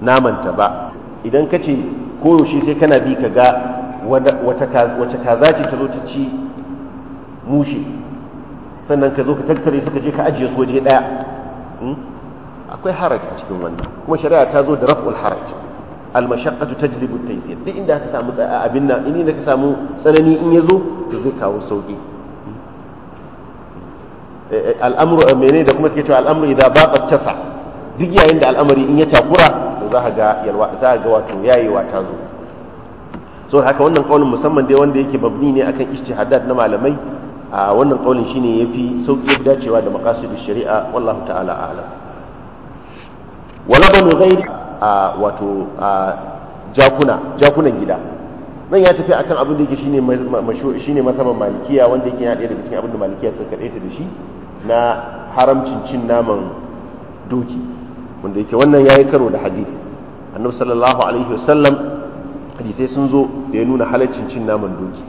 namanta ba idan ka ce koyaushe sai kana bi ka ga wace kaza ce ta zo ta ci mushe sannan ka zo ka tattare suka je ka ajiye su waje ɗaya akwai haraj a cikin wannan kuma shari'a ta zo da raf'ul haraj almashaqqatu tajlibu at-taysir duk inda ka samu abin nan inda ka samu tsanani in yazo to zai kawo sauki eh, eh, al'amru eh, menene da kuma suke cewa al'amru idza baqa tasa duk yayin da al'amari in ya takura to za ka ga yalwa za ka ga wato yayewa ta zo so haka wannan kaulin musamman dai wanda yake babni ne akan ijtihadat na malamai a wannan kaulin shine yafi sauki dacewa da maqasidish shari'a wallahu ta'ala a'lam wa labanu ghairi a wato jakuna jakunan gida nan ya tafi akan abin da yake shine shine masaban malikiya wanda yake yana ɗaya daga cikin abin da malikiya suka kade ta da shi na haramcin cin naman doki wanda yake wannan yayi karo da hadisi annabi sallallahu alaihi wasallam hadisai sun zo da ya nuna halaccin cin naman doki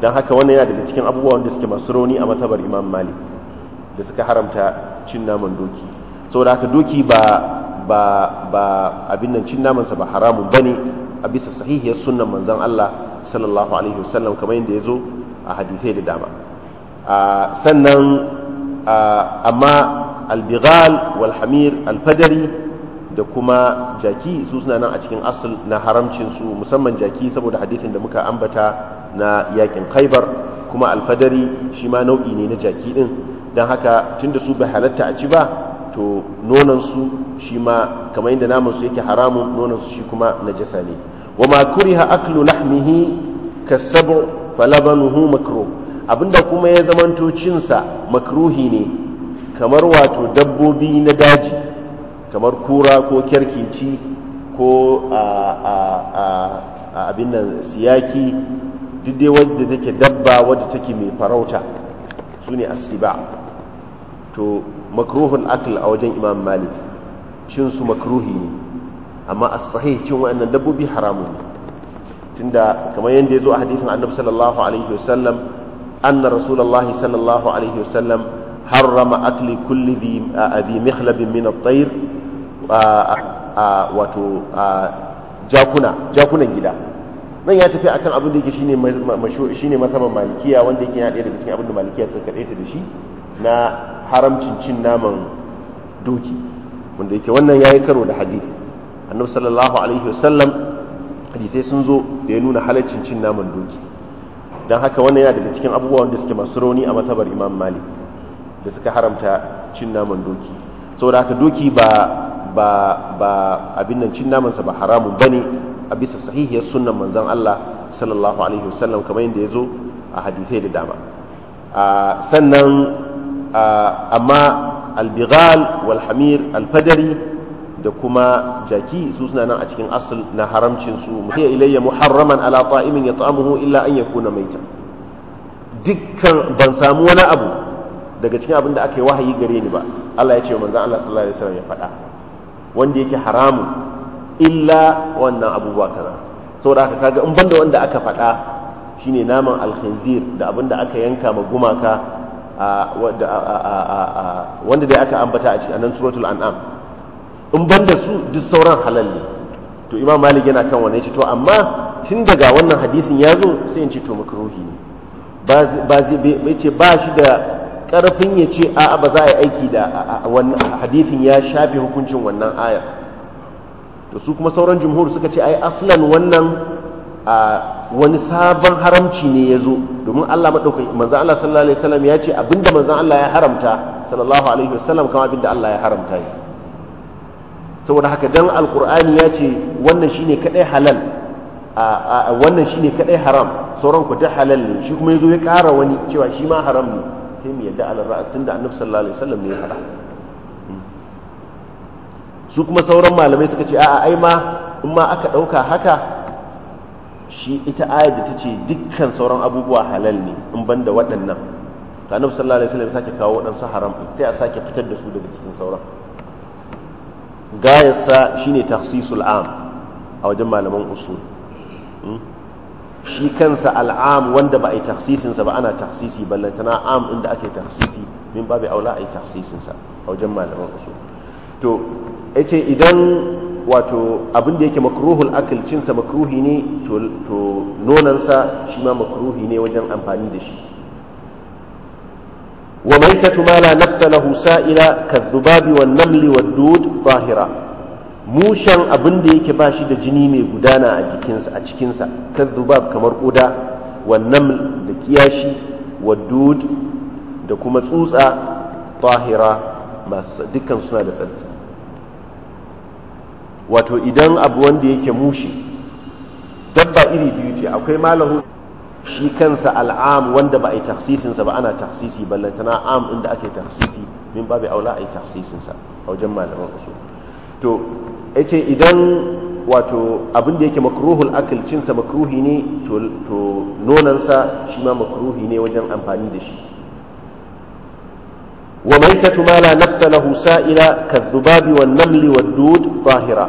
don haka wannan yana daga cikin abubuwa wanda suke masu rauni a matabar imam malik da suka haramta cin naman doki saboda haka doki ba ba abin nan cin namansa ba haramun ne a bisa sahihiyar sunnan manzon Allah sallallahu alaihi wasallam kamar yadda ya zo a hadisai da dama sannan amma albigal walhamir alfadari da kuma jaki su suna nan a cikin asal na haramcin su musamman jaki saboda hadisin da muka ambata na yakin khaibar kuma alfadari shi ma nau'i ne na jaki din don haka tunda su bai halatta a ci ba to nonansu shi ma kamar yadda su yake haramun nonansu shi kuma na najasa ne wa ma kuriha aklu lahmihi kasabu falabanuhu makro abinda kuma ya zamanto cinsa makruhi ne kamar wato dabbobi na daji kamar kura ko kyarkeci ko abin nan siyaki dai wadda take dabba wadda take mai farauta su ne asiba to makruhun akl a wajen imam malik cin su makruhi ne amma a sahih cin wayannan dabbobi haramun ne tunda kamar yanda yazo a hadisin annabi sallallahu alaihi wasallam anna rasulullah sallallahu alaihi wasallam harrama akli kulli dhi adhi mihlabin min at-tayr wato jakuna jakunan gida nan ya tafi akan abin da yake shine mashu shine masaban malikiya wanda yake yana da cikin abin da malikiya suka kadaita da shi na haramcin cin naman doki wanda yake wannan yayi karo da hadisi annabi sallallahu alaihi wasallam hadisai sun zo da ya nuna halaccin cin naman doki don haka wannan yana daga cikin abubuwan da suke masu rauni a matabar imam malik da suka haramta cin naman doki saboda haka doki ba ba ba abin nan cin namansa ba haramun bane a bisa sahihiyar sunnan manzon Allah sallallahu alaihi wasallam kamar yadda ya zo a hadisai da dama ah, sannan amma albigal walhamir alfadari da kuma jaki su suna nan a cikin asal na haramcin su mutum ilayya muharraman ala ta'imin ya ta'amuhu illa an ya kuna maita dukkan ban samu wani abu daga cikin abin da aka yi wahayi gare ni ba Allah ya ce manzan Allah sallallahu alaihi wasallam ya faɗa wanda yake haramun illa wannan abubuwa kaza saboda haka kaga in banda wanda aka faɗa shine naman alkhinzir da abin da aka yanka ma gumaka wanda da aka ambata a cikin nan suratul an'am in banda su duk sauran halal ne to imam malik yana kan wannan shi to amma tun daga wannan hadisin ya zo sai in ce to makruhi ne ba zai bai ce ba shi da karfin ya ce a ba za a yi aiki da wannan hadisin ya shafe hukuncin wannan aya to su kuma sauran jumhur suka ce ai aslan wannan wani sabon haramci ne ya zo domin Allah maɗaukai manzan Allah sallallahu alaihi wasallam ya ce abinda manzan Allah ya haramta sallallahu alaihi wasallam kama abinda Allah ya haramta yi saboda haka dan alkur'ani ya ce wannan shine kadai halal a wannan shine kadai haram sauran ku duk halal ne shi kuma yazo ya ƙara wani cewa shi ma haram ne sai mu yadda alal ra'a tunda annabi sallallahu alaihi wasallam ne ya faɗa hmm. su kuma sauran malamai suka ce a'a ai ma in ma aka ɗauka haka shi ita ayat da ta ce dukkan sauran abubuwa halal ne in ban da waɗannan to nufi sallallahu alaihi wasallam sake kawo waɗansu haram sai a sake fitar da su daga cikin sauran gayarsa shine takhsisul am a wajen malaman usul hmm? shi kansa al'am wanda ba a yi tafsisinsa ba ana takhsisi ballantana am inda ake tafsisi, min babu aula a yi tafsisinsa a wajen malaman usul to ce idan wato abin da yake makruhul akil cinsa makruhi ne to nonansa shi ma makruhi ne wajen amfani da shi wa maitatu ma la nafsa lahu sa'ila kadhubabi wan namli wad dud zahira mushan abin da yake ba shi da jini mai gudana a jikinsa a cikinsa kadhubab kamar kuda wan naml da kiyashi wad dud da kuma tsutsa zahira masu dukkan suna da tsarki wato idan abu wanda yake mushi dabba iri biyu ce akwai malahu shi kansa al'am wanda ba a yi tafsisinsa ba ana tafsisi na am inda ake tafsisi min babu aula a yi tafsisinsa a wajen malaman wasu to ya ce idan wato abin da yake makruhul akilcinsa cinsa makruhi ne to nonansa shi ma makruhi ne wajen amfani da shi وميتة ما لا نفس له سائلة كالذباب والنمل والدود ظاهرة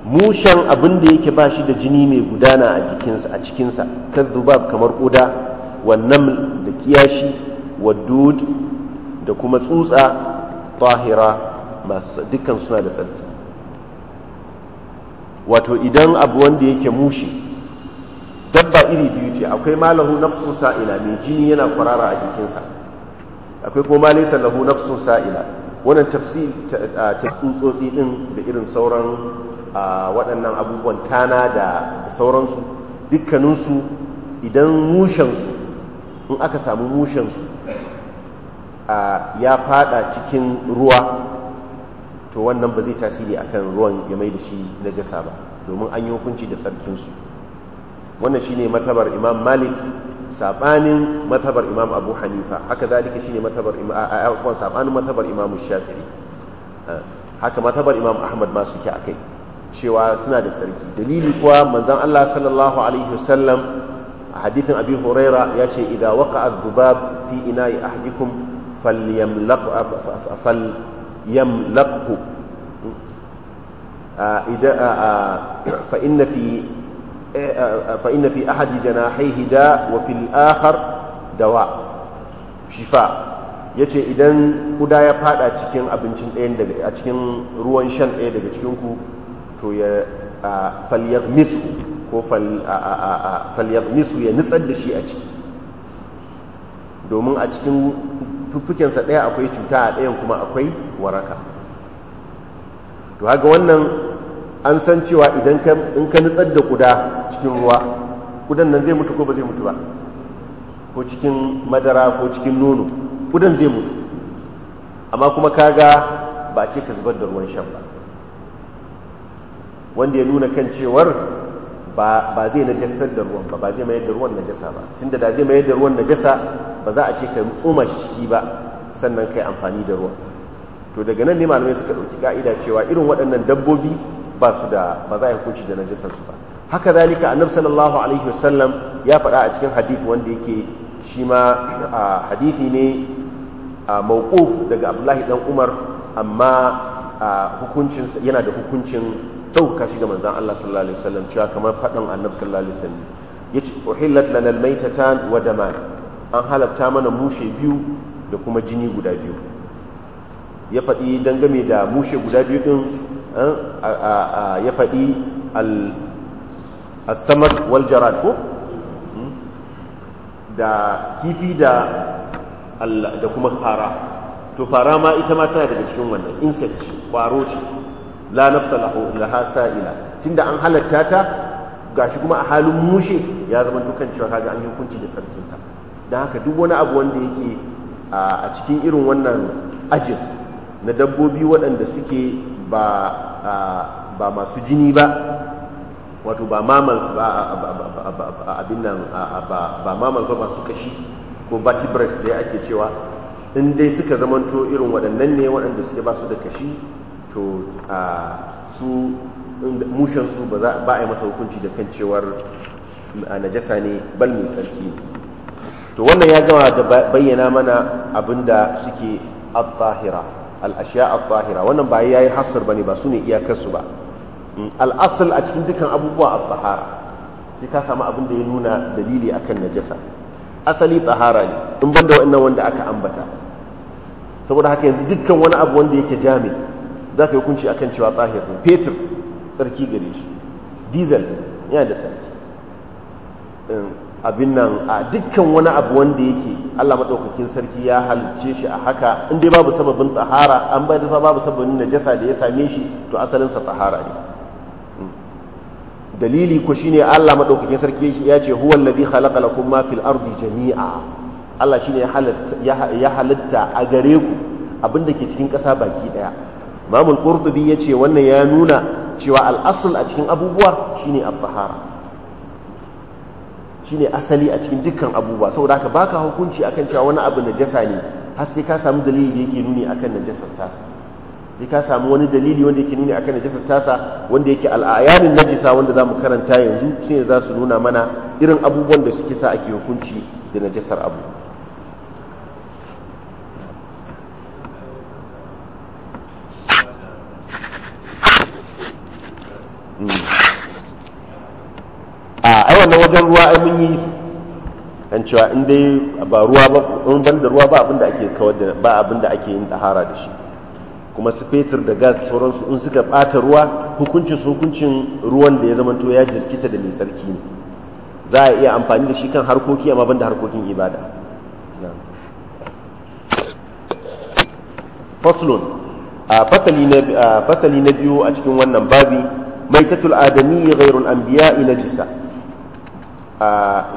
mushen abin da yake ba shi da jini mai gudana a cikinsa kan zubab kamar ƙuda wannan da wadud da kuma tsutsa tahira masu dukkan suna da tsarki wato idan abu wanda yake mushi dabba iri biyu ce akwai malahu nafsu sa'ila mai jini yana kwarara a jikinsa akwai kuma malai sallahu nafsun sa'ila wannan tafsir ta da irin sauran waɗannan abubuwan tana da sauransu dukkaninsu idan mushensu in aka samu mushensu ya fada cikin ruwa to wannan ba zai tasiri akan ruwan ya mai da shi na jasa ba domin an yi hukunci da tsarkinsu wannan shine matabar imam malik sabanin matabar imam abu hanifa haka zalika shine matabar sabanin matabar imam shafi'i eh, haka matabar imam ahmad ma suke akai cewa suna da tsarki dalili kuwa manzon Allah sallallahu alaihi wasallam a hadithin abi huraira ya ce waka waqa'a adh ina fi ina'i ahadikum falyamlaq falyamlaqhu hmm? ah, fa inna fi فإن في أحد جناحيه wa وفي الآخر دواء شفاء yace idan kuda ya fada cikin abincin ɗayan daga a cikin ruwan shan ɗaya daga cikin ku to ya falyaghmisu ko falyaghmisu ya nitsar da shi a ciki domin a cikin fuffukensa ɗaya akwai cuta a ɗayan kuma akwai waraka to haka wannan an san cewa idan in ka nutsar da kuda cikin ruwa kudan nan zai mutu ko ba zai mutu ba ko cikin madara ko cikin nono kudan zai mutu amma kuma kaga ba ce ka zubar da ruwan shan ba wanda ya nuna kan cewar ba zai najasar da ruwan ba ba zai mayar da ruwan najasa ba tunda da zai mayar da ruwan najasa ba za a ce ka tsoma shi ciki ba sannan kai amfani da ruwan to daga nan ne malamai suka ɗauki ka'ida cewa irin waɗannan dabbobi ba su da ba za a hukunci da najisar su ba haka zalika annabi sallallahu alaihi wasallam ya faɗa a cikin hadisi wanda yake shi ma hadisi ne mauquf daga abdullahi dan umar amma hukuncin yana da hukuncin dauka shi ga manzon Allah sallallahu alaihi wasallam cewa kamar faɗin annabi sallallahu alaihi wasallam yace uhillat lana almaytatan wa daman an halatta mana mushe biyu da kuma jini guda biyu ya faɗi dangane da mushe guda biyu din Eh, ya faɗi al-samad wal jarad ko hmm? da kifi da da kuma fara to fara ma ita ma tana daga cikin wannan insect kwaro ce la nafsa laha sa'ila tunda an halatta ta gashi kuma a halin mushe ya zama dukan cewa kaga an yi hukunci da ta don haka duk wani abu wanda yake a cikin irin wannan ajin na dabbobi waɗanda suke ba masu jini ba wato ba mammals ba abin nan ba ba masu kashi ko vertebrates da ake cewa in dai suka zamanto irin waɗannan ne waɗanda suke ba da kashi to su mushen su ba a yi masa hukunci da kan cewar najasa ne bal mai sarki to wannan ya gama da bayyana mana abinda suke al-tahira al'ashiya a wannan ba ya yi hasar ba ne ba su ne iyakarsu mm, ba al'asal a cikin dukkan abubuwa a tsahara sai ka samu abin da ya nuna dalili akan najasa asali tsahara ne in banda wa'annan wanda aka ambata saboda haka yanzu dukkan wani abu wanda yake jami za ka yi hukunci akan cewa tsahir ne fetur tsarki gare shi diesel yana da tsarki mm. abin nan a dukkan wani abu wanda yake Allah maɗaukakin sarki ya halice shi a haka in dai babu sababin tahara, an bai da babu sababin najasa da ya same shi to asalin sa ne hmm. dalili ko shine Allah maɗaukakin sarki ya ce huwal ladhi khalaqa lakum ma fil ardi jami'a Allah shine ya halitta a gare ku abinda ke cikin ƙasa baki ɗaya. Imam al ya ce, wannan ya nuna cewa al-asl a cikin abubuwa shine at-tahara shine asali a cikin dukkan abubuwa saboda ka baka hukunci akan cewa wani abu najasa ne har sai ka samu dalili da yake nuni akan najasar tasa sai ka samu wani dalili wanda yake nuni akan najasar tasa wanda yake al'ayanin najisa wanda za mu karanta yanzu shine za su nuna mana irin abubuwan da suke sa ake hukunci da najasar abu hmm. wajen ruwa ai mun yi an cewa in dai ba ruwa ba in ban da ruwa ba abinda ake kawar da ba abinda ake yin tahara da shi kuma su fetur da gas sauransu in suka bata ruwa hukuncin su hukuncin ruwan da ya zama to ya jirkita da mai sarki ne za a iya amfani da shi kan harkoki amma ban da harkokin ibada faslon fasali na biyu a cikin wannan babi maitatul adami ghairul ina najisa a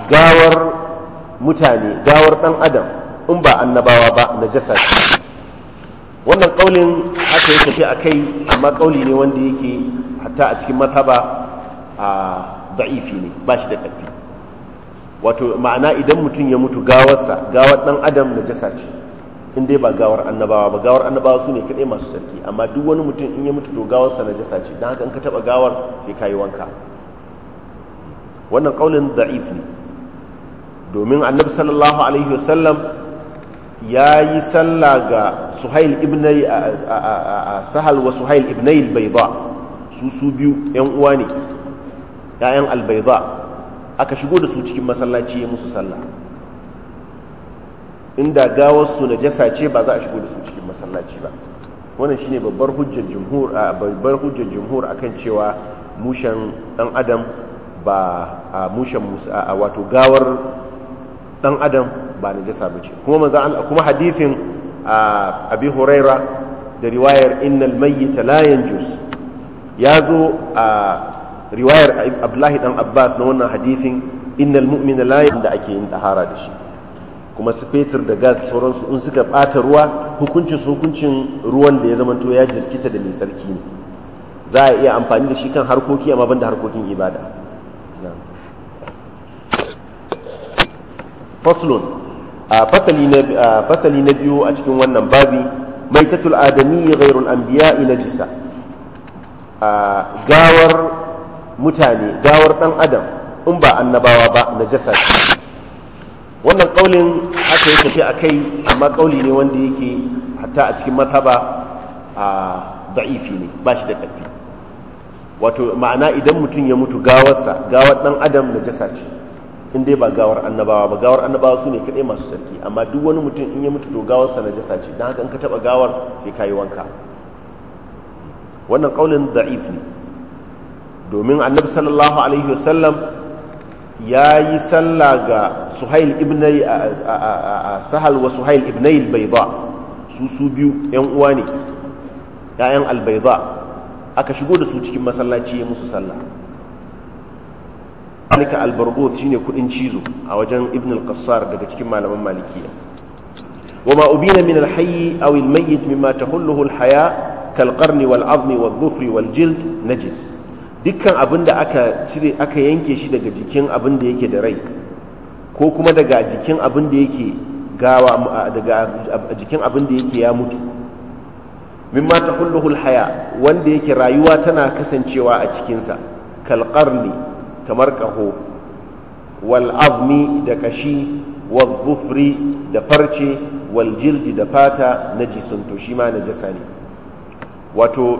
gawar mutane gawar ɗan adam in ba annabawa ba na jasa wannan ƙaunin aka yi tafi a kai amma ƙauli ne wanda yake hatta a cikin mataba a da'ifi ne ba shi da ƙarfi wato ma'ana idan mutum ya mutu gawarsa gawar ɗan adam na jasa ce in dai ba gawar annabawa ba gawar annabawa su ne kaɗai masu sarki amma duk wani mutum in ya mutu to gawarsa na jasa ce don haka in ka taɓa gawar sai ka yi wanka wannan ƙaunin da'if ne domin annabi sallallahu alaihi wasallam ya yi salla ga suhail a sahal wa suhail ibnai bai ba su su biyu yan uwa ne ƴaƴan albaiba aka shigo da su cikin masallaci ya musu salla inda gawar su jasa ce ba za a shigo da su cikin masallaci ba wannan shine babbar hujjar jumhur babbar hujjar jumhur akan cewa mushen dan adam ba a mushen musa wato gawar dan adam ba najasa bace kuma manzo kuma hadisin abi huraira da riwayar innal mayyita la yanjus yazo a riwayar abdullahi dan abbas na wannan hadisin innal mu'mina la da ake yin tahara da shi kuma su fetur da gas sauransu in suka bata ruwa hukuncin su hukuncin ruwan da ya zama to ya jirkita da mai sarki ne za a iya amfani da shi kan harkoki amma banda harkokin ibada faslun fasali na biyu a cikin wannan babi mai tatul adami ghairul anbiya jisa gawar mutane gawar dan adam in ba annabawa ba na ce wannan kaulin aka yi tafi a kai amma kauli ne wanda yake hatta a cikin mataba a da'ifi ne ba shi da ƙarfi wato ma'ana idan mutum ya mutu gawarsa gawar ɗan adam na jasa ce in dai ba gawar annabawa ba gawar annabawa su ne kaɗai masu sarki amma duk wani mutum in ya mutu to gawar sa jasa ce don haka in ka taɓa gawar sai ka yi wanka wannan ƙaunin da'if ne domin annabi sallallahu alaihi wasallam ya yi sallah ga suhail ibnai sahal wa suhail ibnai albayda su su biyu yan uwa ne ya'yan albaiba aka shigo da su cikin masallaci ya musu sallah zalika albargot shine kuɗin cizo a wajen ibn al daga cikin malaman malikiya wama ubina min al-hayy aw al-mayyit mimma haya Kalkarni wal azmi wal dhufri wal jild najis dukkan abinda aka yanke shi daga jikin abin da yake da rai ko kuma daga jikin abin yake gawa daga jikin abin yake ya mutu mimma tahulluhu al-haya wanda yake rayuwa tana kasancewa a cikinsa, sa kal kamar ƙaho wal da kashi wal zufri da farce wal jirgi da fata na jisunto shi ma na jasa ne wato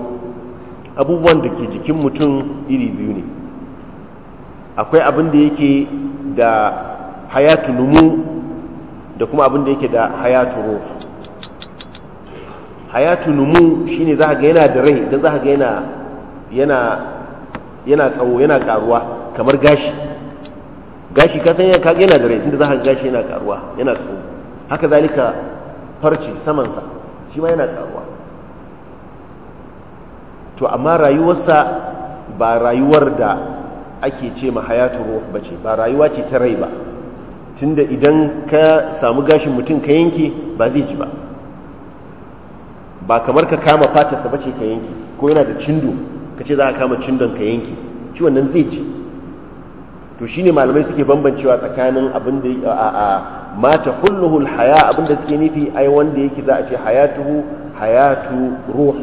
abubuwan da ke jikin mutum iri biyu ne akwai abin da yake da hayatu numu da kuma abin da yake da hayatu ro. hayatu numu ne za ga yana da rai don za ga yana yana yana tsawo yana karuwa kamar gashi gashi ka sanya yana da rai inda za ka gashi yana karuwa yana tsoho haka zalika farce samansa shi ma yana karuwa to amma rayuwarsa ba rayuwar da ake ce ma hayatu ba ce ba rayuwa ce ta rai ba tunda idan ka samu gashin mutum ka yanke ba zai ji ba ba kamar ka kama fatarsa ba ce ka yanke ko yana da cindo ka ce za ka kama cindon ka yanke ciwon nan zai ji to shine malamai suke bambancewa tsakanin abin da a mata kulluhu haya abin da suke nufi ai wanda yake za a ce hayatuhu hayatu ruh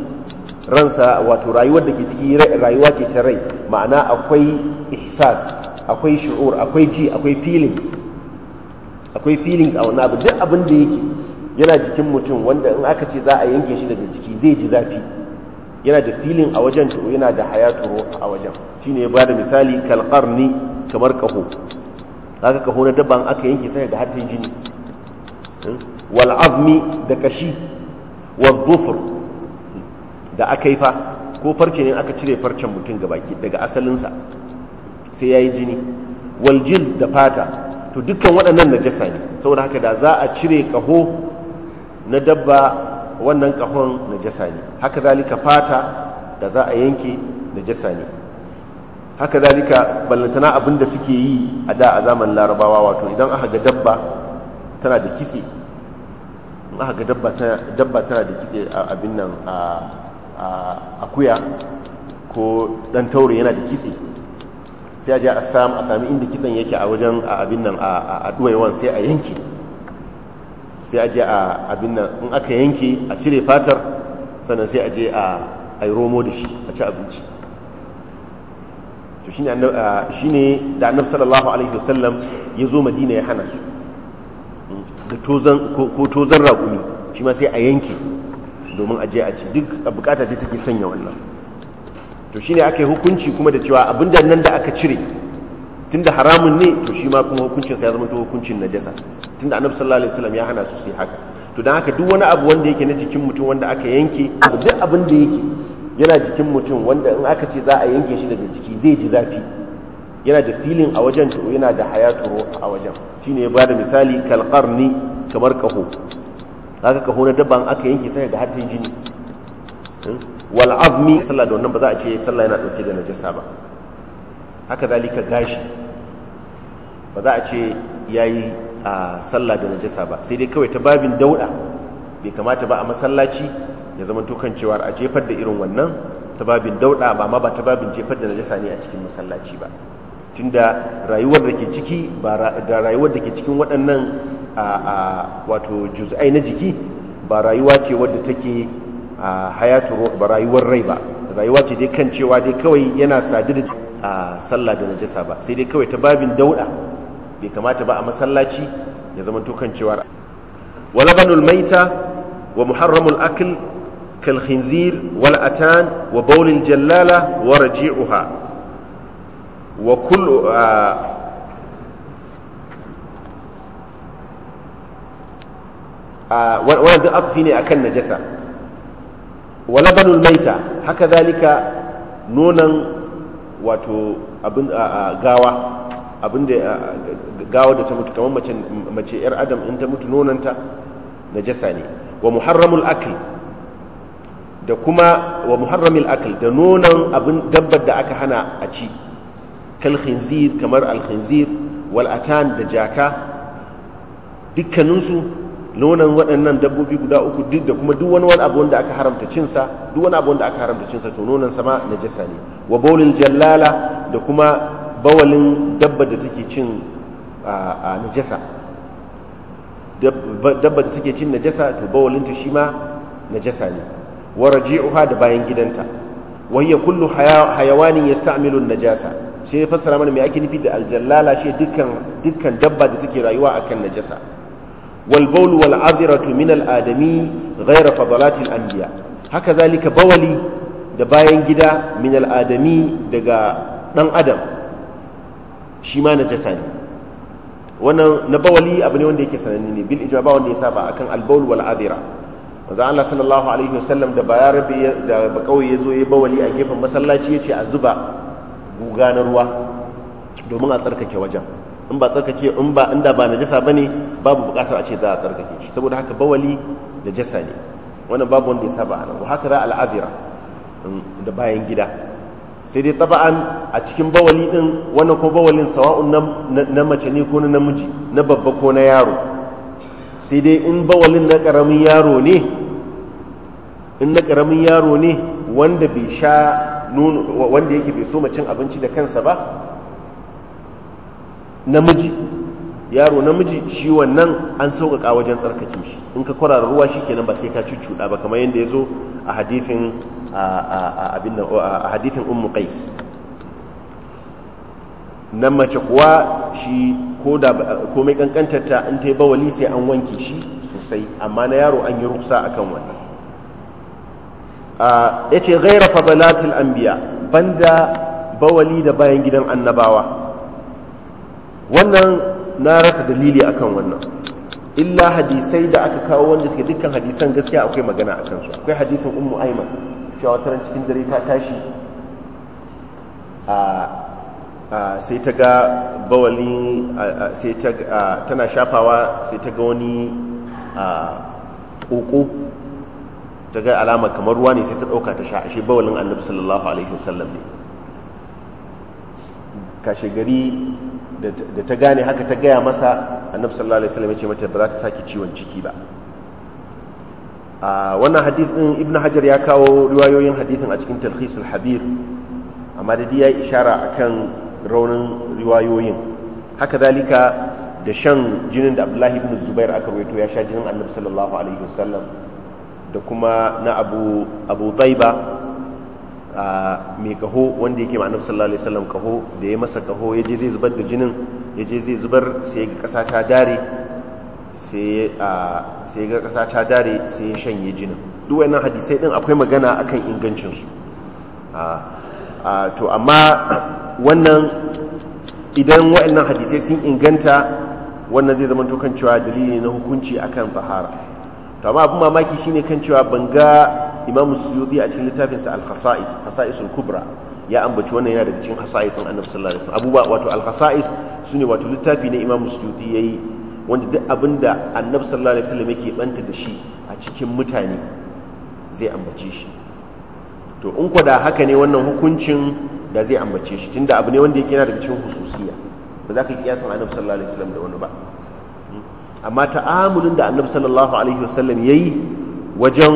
ransa wato rayuwar da ke ciki rayuwa ce ta rai ma'ana akwai ihsas akwai shu'ur akwai ji akwai feelings akwai feelings a wani abu duk abin da yake yana jikin mutum wanda in aka ce za a yanke shi daga jiki zai ji zafi yana da feeling a wajen to yana da hayatu ruh a wajen shine ya bada misali kalqarni kamar kaho haka kaho na daban aka yanke sai ga hatin jini hmm? wal azmi da kashi wal dhufr da fa ko farce ne aka cire farcen mutum gabaki daga asalinsa sai yayi jini wal jild da fata to dukkan waɗannan najasa ne saboda haka da za a cire kaho na dabba wannan kahon najasa ne haka zalika fata da za a yanke najasa ne haka zalika ballantana abin da suke yi a da a zamanin larabawa wato idan aka ga dabba tana da kitse aka ga dabba tana da kitse a abin nan a akuya ko dan taure yana da kitse sai a ji a sami inda kitsen yake a wajen a abin nan a duwaiwan sai a yanki, sai a je a abin nan in aka yanki a cire fatar sannan sai a je a yi romo da shi a ci abinci to shine shine da annab sallallahu alaihi wasallam ya zo madina ya hana su da tozan ko tozan raƙumi shi ma sai a yanke domin a je a ci duk a bukata ce take sanya wannan to shine aka yi hukunci kuma da cewa abin da nan da aka cire tunda haramun ne to shi ma kuma hukuncin sa ya zama hukuncin najasa tunda annab sallallahu alaihi wasallam ya hana su sai haka to dan haka duk wani abu wanda yake na jikin mutum wanda aka yanke duk abin da yake yana jikin mutum wanda in aka ce za a yanke shi daga jiki zai ji zafi yana da filin a wajen to yana da hayaturo a wajen shi ne ya da misali ni kamar kaho haka kaho na dabban aka yanke sai ga hatin jini hmm? wal azmi sallah da wannan ba za a ce sallah yana dauke da najasa ba haka zalika gashi ba za a ce yayi a ah, sallah da najasa ba sai dai kawai ta babin dauɗa bai kamata ba a masallaci ya zama tukan cewa a jefar da irin wannan ta babin dauɗa ba ma ba ta babin jefar da najasa ne a cikin masallaci ba tunda rayuwar da ke ciki ba da rayuwar da ke cikin waɗannan a wato juz'ai na jiki ba rayuwa ce wadda take hayatu ba rayuwar rai ba rayuwa ce dai kan cewa dai kawai yana sadu da sallah da najasa ba sai dai kawai ta babin dauɗa bai kamata ba a masallaci ya zama tukan cewa walabanul maita wa muharramul akil. كالخنزير والأتان وبول الجلالة ورجيعها وكل ولد أطفيني أكل نجسة ولبن الميتة هكذلك نونا wato abin gawa abin da gawa da ta mutu kamar mace 'yar adam in ta mutu nonanta na jasa ne wa muharramul akil da kuma wa muharramil akal da nonon abin dabbar da aka hana a ci kal khinzir kamar al khinzir wal atan da jaka dukkaninsu nonon waɗannan dabbobi guda uku duk da kuma duk wani wani abu wanda aka haramta cinsa duk wani abu wanda aka haramta cinsa to nonon sama jasa ne wa bawlil jallala da kuma bawalin dabba da take cin a najasa dabba da take cin najasa to bawalinta shi ma najasa ne wa raji'uha da bayan gidanta wai ya kullu hayawanin yasta'milu an-najasa sai fassara mana me ake nufi da aljallala shi dukkan dukkan dabba da take rayuwa akan najasa wal bawl wal azratu min al-adami ghayra fadalati al-anbiya haka zalika bawali da bayan gida min al-adami daga dan adam shi ma najasa ne wannan na bawali abu ne wanda yake sananne ne bil ijaba ba wanda ya saba akan al-bawl wal manzo Allah sallallahu alaihi wasallam da bayar da bakawai yazo yayi bawali a gefen masallaci yace a zuba guga na ruwa domin a tsarkake wajen in ba tsarkake in ba inda ba najasa bane babu bukatar a ce za a tsarkake shi saboda haka bawali najasa ne wannan babu wanda ya saba anan haka za al'adira um, da bayan gida sai dai taba'an a cikin bawali din wannan ko bawalin sawa'un na mace ne ko na namiji na babba ko na yaro sai dai in bawalin na karamin yaro ne in na ƙaramin yaro ne wanda bai sha nono wanda yake bai so cin abinci da kansa ba namiji yaro namiji shi wannan an sauƙaƙa wajen tsarkake shi in ka kwarara ruwa shi kenan ba sai ka cuccuɗa ba kamar yadda ya zo a hadifin a na mace kuwa shi ko da komai in ta yi bawali sai an wanke shi sosai amma na yaro an yi ruksa akan wannan ya ce gaira biya, ban banda bawali da bayan gidan annabawa wannan na rasa dalili akan wannan illa hadisai da aka kawo wanda suke dukkan hadisan gaskiya akwai magana a kansu akwai hadisan ummu aiman cewa cikin dare ta tashi sai ta ga bawalin sai ta tana shafawa sai ta ga wani ƙoƙo ta ga alama kamar ruwa ne sai ta ɗauka ta sha ashe bawalin annabi sallallahu alaihi wasallam ne kashe gari da ta gane haka ta gaya masa annabi sallallahu alaihi wasallam ya ce mata ba za ta saki ciwon ciki ba wannan hadithin ibn hajar ya kawo riwayoyin hadithin a cikin talhis al-habir amma da ya yi ishara akan raunin riwayoyin haka zalika da shan jinin da abdullahi ibn zubair aka rawaito ya sha jinin annabi sallallahu alaihi wasallam da kuma na abu abu taiba mai kaho wanda yake ma'anar sallallahu alaihi wasallam kaho da ya masa kaho ya je zai zubar da jinin ya je zai zubar sai ga kasa ta dare sai sai ga kasa ta dare sai ya shanye jinin duk wannan hadisai din akwai magana akan ingancin su to amma wannan idan nan hadisai sun inganta wannan zai zama kan cewa dalili na hukunci akan fahara to amma abin mamaki shine kan cewa ban ga imamu suyuti a cikin littafinsa al-khasa'is khasa'isul kubra ya ambaci wannan yana daga cikin khasa'is din annabi sallallahu alaihi wasallam abubuwa wato al-khasa'is sune wato littafi na imamu suyuti yayi wanda duk abinda annabi sallallahu alaihi wasallam yake banta da shi a cikin mutane zai ambace shi to in kwada haka ne wannan hukuncin da zai ambace shi tunda abu ne wanda yake yana daga cikin hususiya ba za ka kiyasan annabi sallallahu alaihi wasallam da wani ba amma ta'amulin da annabi sallallahu alaihi wasallam yayi wajen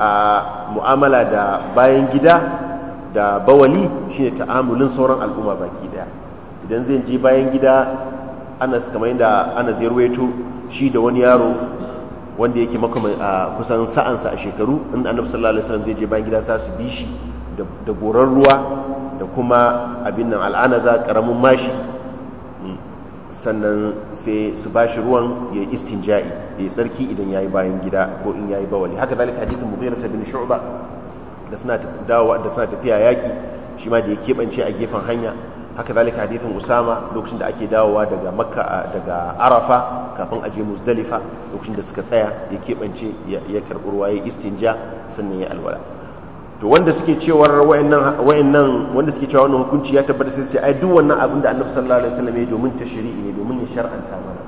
a mu'amala da bayan gida da bawali shine ta'amulin sauran al'umma baki daya idan zai je bayan gida Anas kamar yadda Anas ya shi da wani yaro wanda yake makamai a kusan sa'ansa a shekaru in annabi sallallahu alaihi wasallam zai je bayan gida sa su bi shi da goran ruwa da kuma abin nan za karamin mashi mm. sannan sai su ba shi ruwan ya yi ja'i ya yi tsarki idan ya yi bayan gida ko in ya yi bawali haka zalika hadithin mughira ta bin shu'ba da suna dawowa da suna tafiya yaki shi ma da ya keɓance a gefen hanya haka zalika hadithin usama lokacin da ake dawowa daga makka daga arafa kafin aje muzdalifa lokacin da suka tsaya ya keɓance ya karɓi ruwa ya istinja sannan ya alwala to wanda suke cewar wa'annan wa'annan wanda suke cewa wannan hukunci ya tabbata sai sai ai duk wannan abin da Annabi sallallahu alaihi wasallam ya domin tashri'i ne domin ya shar'anta mana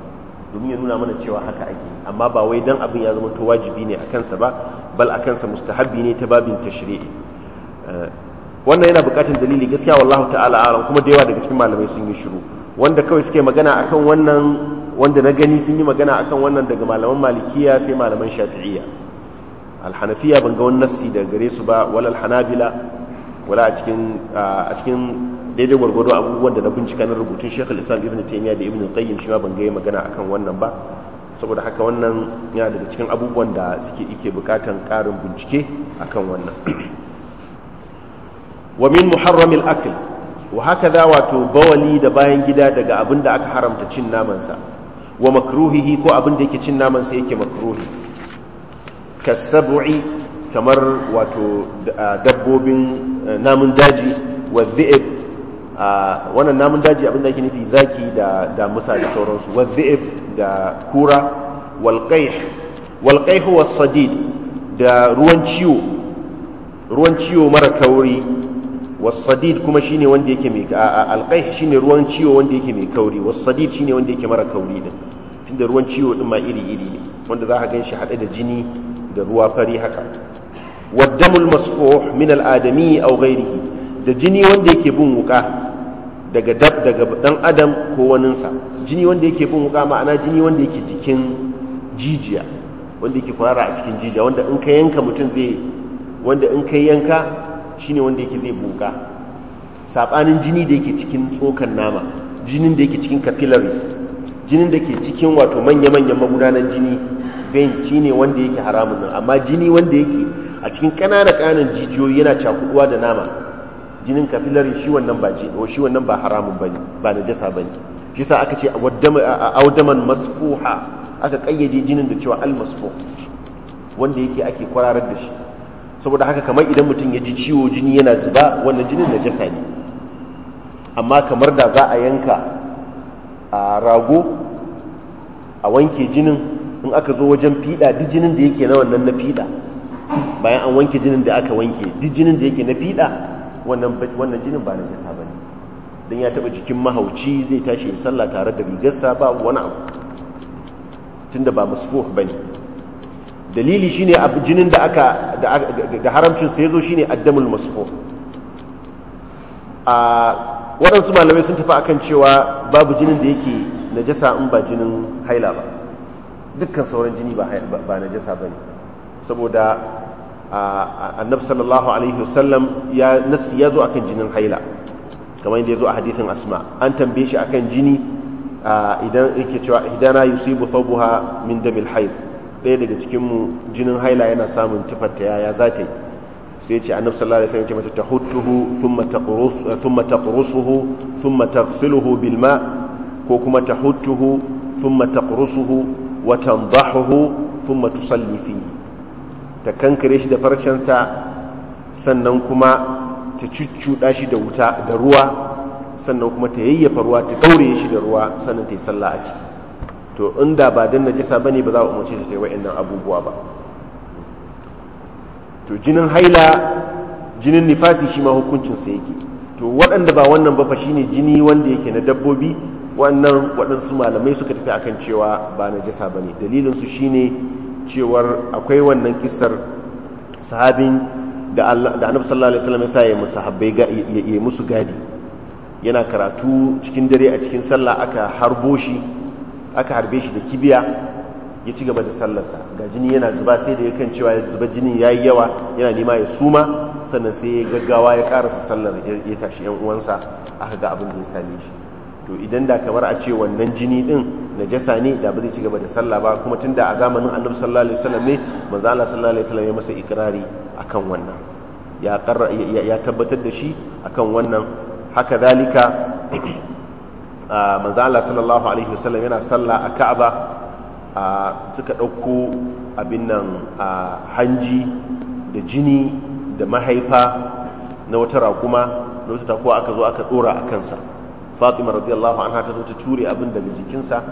domin ya nuna mana cewa haka ake amma ba wai dan abin ya zama to wajibi ne akan sa ba bal akan sa mustahabbi ne ta babin tashri'i eh, wannan yana buƙatar dalili gaskiya wallahi ta'ala alam kuma da yawa daga cikin malamai sun yi shiru wanda kawai suke magana akan wannan wanda na gani sun yi magana akan wannan daga malaman malikiya sai malaman shafi'iyya alhanafiya ban ga wani nassi daga gare su ba wala alhanabila wala a cikin daidai gwargwado abubuwan da na bincika na rubutun Sheikh Al-Islam Ibn taimiyya da Ibn Qayyim shi ma ban ga magana akan wannan ba saboda haka wannan yana daga cikin abubuwan da suke ike bukatan karin bincike akan wannan wa min muharramil akl wa haka za wato bawali da bayan gida daga abin da aka haramta cin namansa wa makruhihi ko abin da yake cin namansa yake makruhi kasabu'i kamar wato dabbobin namun daji wa dhi'ib wannan namun daji abin da ake nufi zaki da da musa da sauransu wa dhi'ib da kura walƙaihu wa sadid da ruwan ciwo ruwan ciwo mara kauri wasadid kuma shine wanda yake mai alqaih shine ruwan ciwo wanda yake mai kauri wasadid shine wanda yake mara kauri din tunda ruwan ciwo din ma iri-iri ne wanda za ka gan shi haɗe da jini da ruwa fari haka waddamul masfuh min al'adami aw ghairihi da jini wanda yake bin wuka daga dab daga dan adam ko waninsa jini wanda yake bin wuka ma'ana jini wanda yake jikin jijiya wanda yake fara a cikin jijiya wanda in ka yanka mutum zai wanda in ka yanka shine wanda yake zai buka sabanin jini da yake cikin tsokan nama jinin da yake cikin capillaries jinin da ke cikin wato manya-manyan magudanan jini vein ne wanda yake haramun nan amma jini wanda yake a cikin ƙananan jijiyoyi yana cakuduwa da nama jinin capillary shi wannan ba jini shi wannan ba haramun bane ba najasa bane shi sa aka ce audaman masfuha aka kayyade jinin da cewa al masfuh wanda yake ake kwararar da shi saboda haka kamar idan mutum ya ji ciwo jini yana zuba wannan jinin na jasa ne amma kamar da za a yanka a rago a wanke jinin in aka zo wajen fiɗa duk jinin da yake na wannan na fiɗa bayan an wanke jinin da aka wanke duk jinin da yake na fiɗa wannan jinin ba na jisa ba ne don ya taɓa jikin mahauci zai tashi ya sallah tare da rigarsa ba wani abu tunda ba musfuh ba ne dalili shine jinin da aka da haramcin sai zo shine addamul musfuh a waɗansu malamai sun tafi akan cewa babu jinin da yake najasa in ba jinin haila ba dukkan sauran jini ba najasa ba ne saboda annab sallallahu alaihi wasallam ya nasi ya zo akan jinin haila kamar yadda ya zo a hadithin asma an tambaye shi akan jini idan yake cewa hidana yusibu thawbuha min damil haid ɗaya daga cikin mu jinin haila yana samun tufarta yaya za yi sai ce annabi sallallahu alaihi wasallam ya ce mata tahuttuhu thumma taqrusu thumma taqrusuhu thumma taghsiluhu bil ma ko kuma tahuttuhu thumma taqrusuhu wa tanbahuhu thumma tusalli fi ta kankare shi da farcenta sannan kuma ta cuccuɗa shi da wuta da ruwa sannan kuma ta yayyafa ruwa ta daure shi da ruwa sannan ta yi sallah a ciki to inda ba dan najasa bane ba za a umarce ta yi wa'annan abubuwa ba to jinin haila jinin nifasi shi ma hukuncinsa yake to waɗanda ba wannan ba fa shine jini wanda yake na dabbobi wannan waɗansu malamai suka tafi akan cewa ba na jasa ba ne dalilinsu shi ne cewar akwai wannan kisar sahabin da annabi sallallahu alaihi wasallam ya sa ya musu musu gadi yana karatu cikin dare a cikin sallah aka harbo shi aka harbe shi da kibiya ya ci gaba da sallarsa ga jini yana zuba sai da yakan cewa ya zuba jini ya yi yawa yana nema ya suma sannan sai ya gaggawa ya karasa sallar ya tashi yan uwansa aka ga abin da ya same shi to idan da kamar a ce wannan jini din najasa ne da ba zai ci gaba da sallah ba kuma tunda a zamanin annabi sallallahu alaihi wasallam ne manzo Allah sallallahu alaihi wasallam ya masa ikrari akan wannan ya ya tabbatar da shi akan wannan haka zalika manzo Allah sallallahu alaihi wasallam yana sallah a Ka'aba suka ɗauko abin nan a hanji da jini da mahaifa na wata rakuma na wata takuwa aka zo aka ɗora a kansa fatima radiyallahu anha ta zo ta ture abin daga jikinsa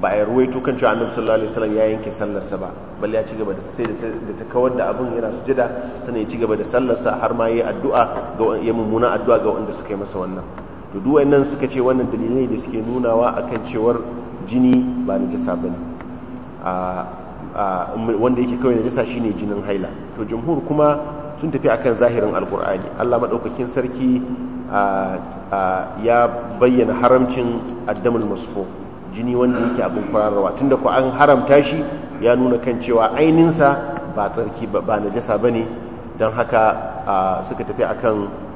ba a ruwaito kan cewa annabi sallallahu alaihi wasallam ya yanke sallarsa ba bal ya ci gaba da sai da ta kawar da abin yana sujada sannan ya ci gaba da sallarsa har ma yayi addu'a ga ya mummuna addu'a ga wanda suka yi masa wannan to duk wayannan suka ce wannan dalilai da suke nunawa akan cewar jini ba najasa bane wanda yake kawai najasa shine jinin haila to jumhur kuma sun tafi akan zahirin alkur'ani Allah maɗaukakin sarki ya bayyana haramcin addamul masfo jini wanda yake abin kwararwa tunda ko an haramta shi ya nuna kan cewa aininsa ba tsarki ba najasa bane don haka suka tafi akan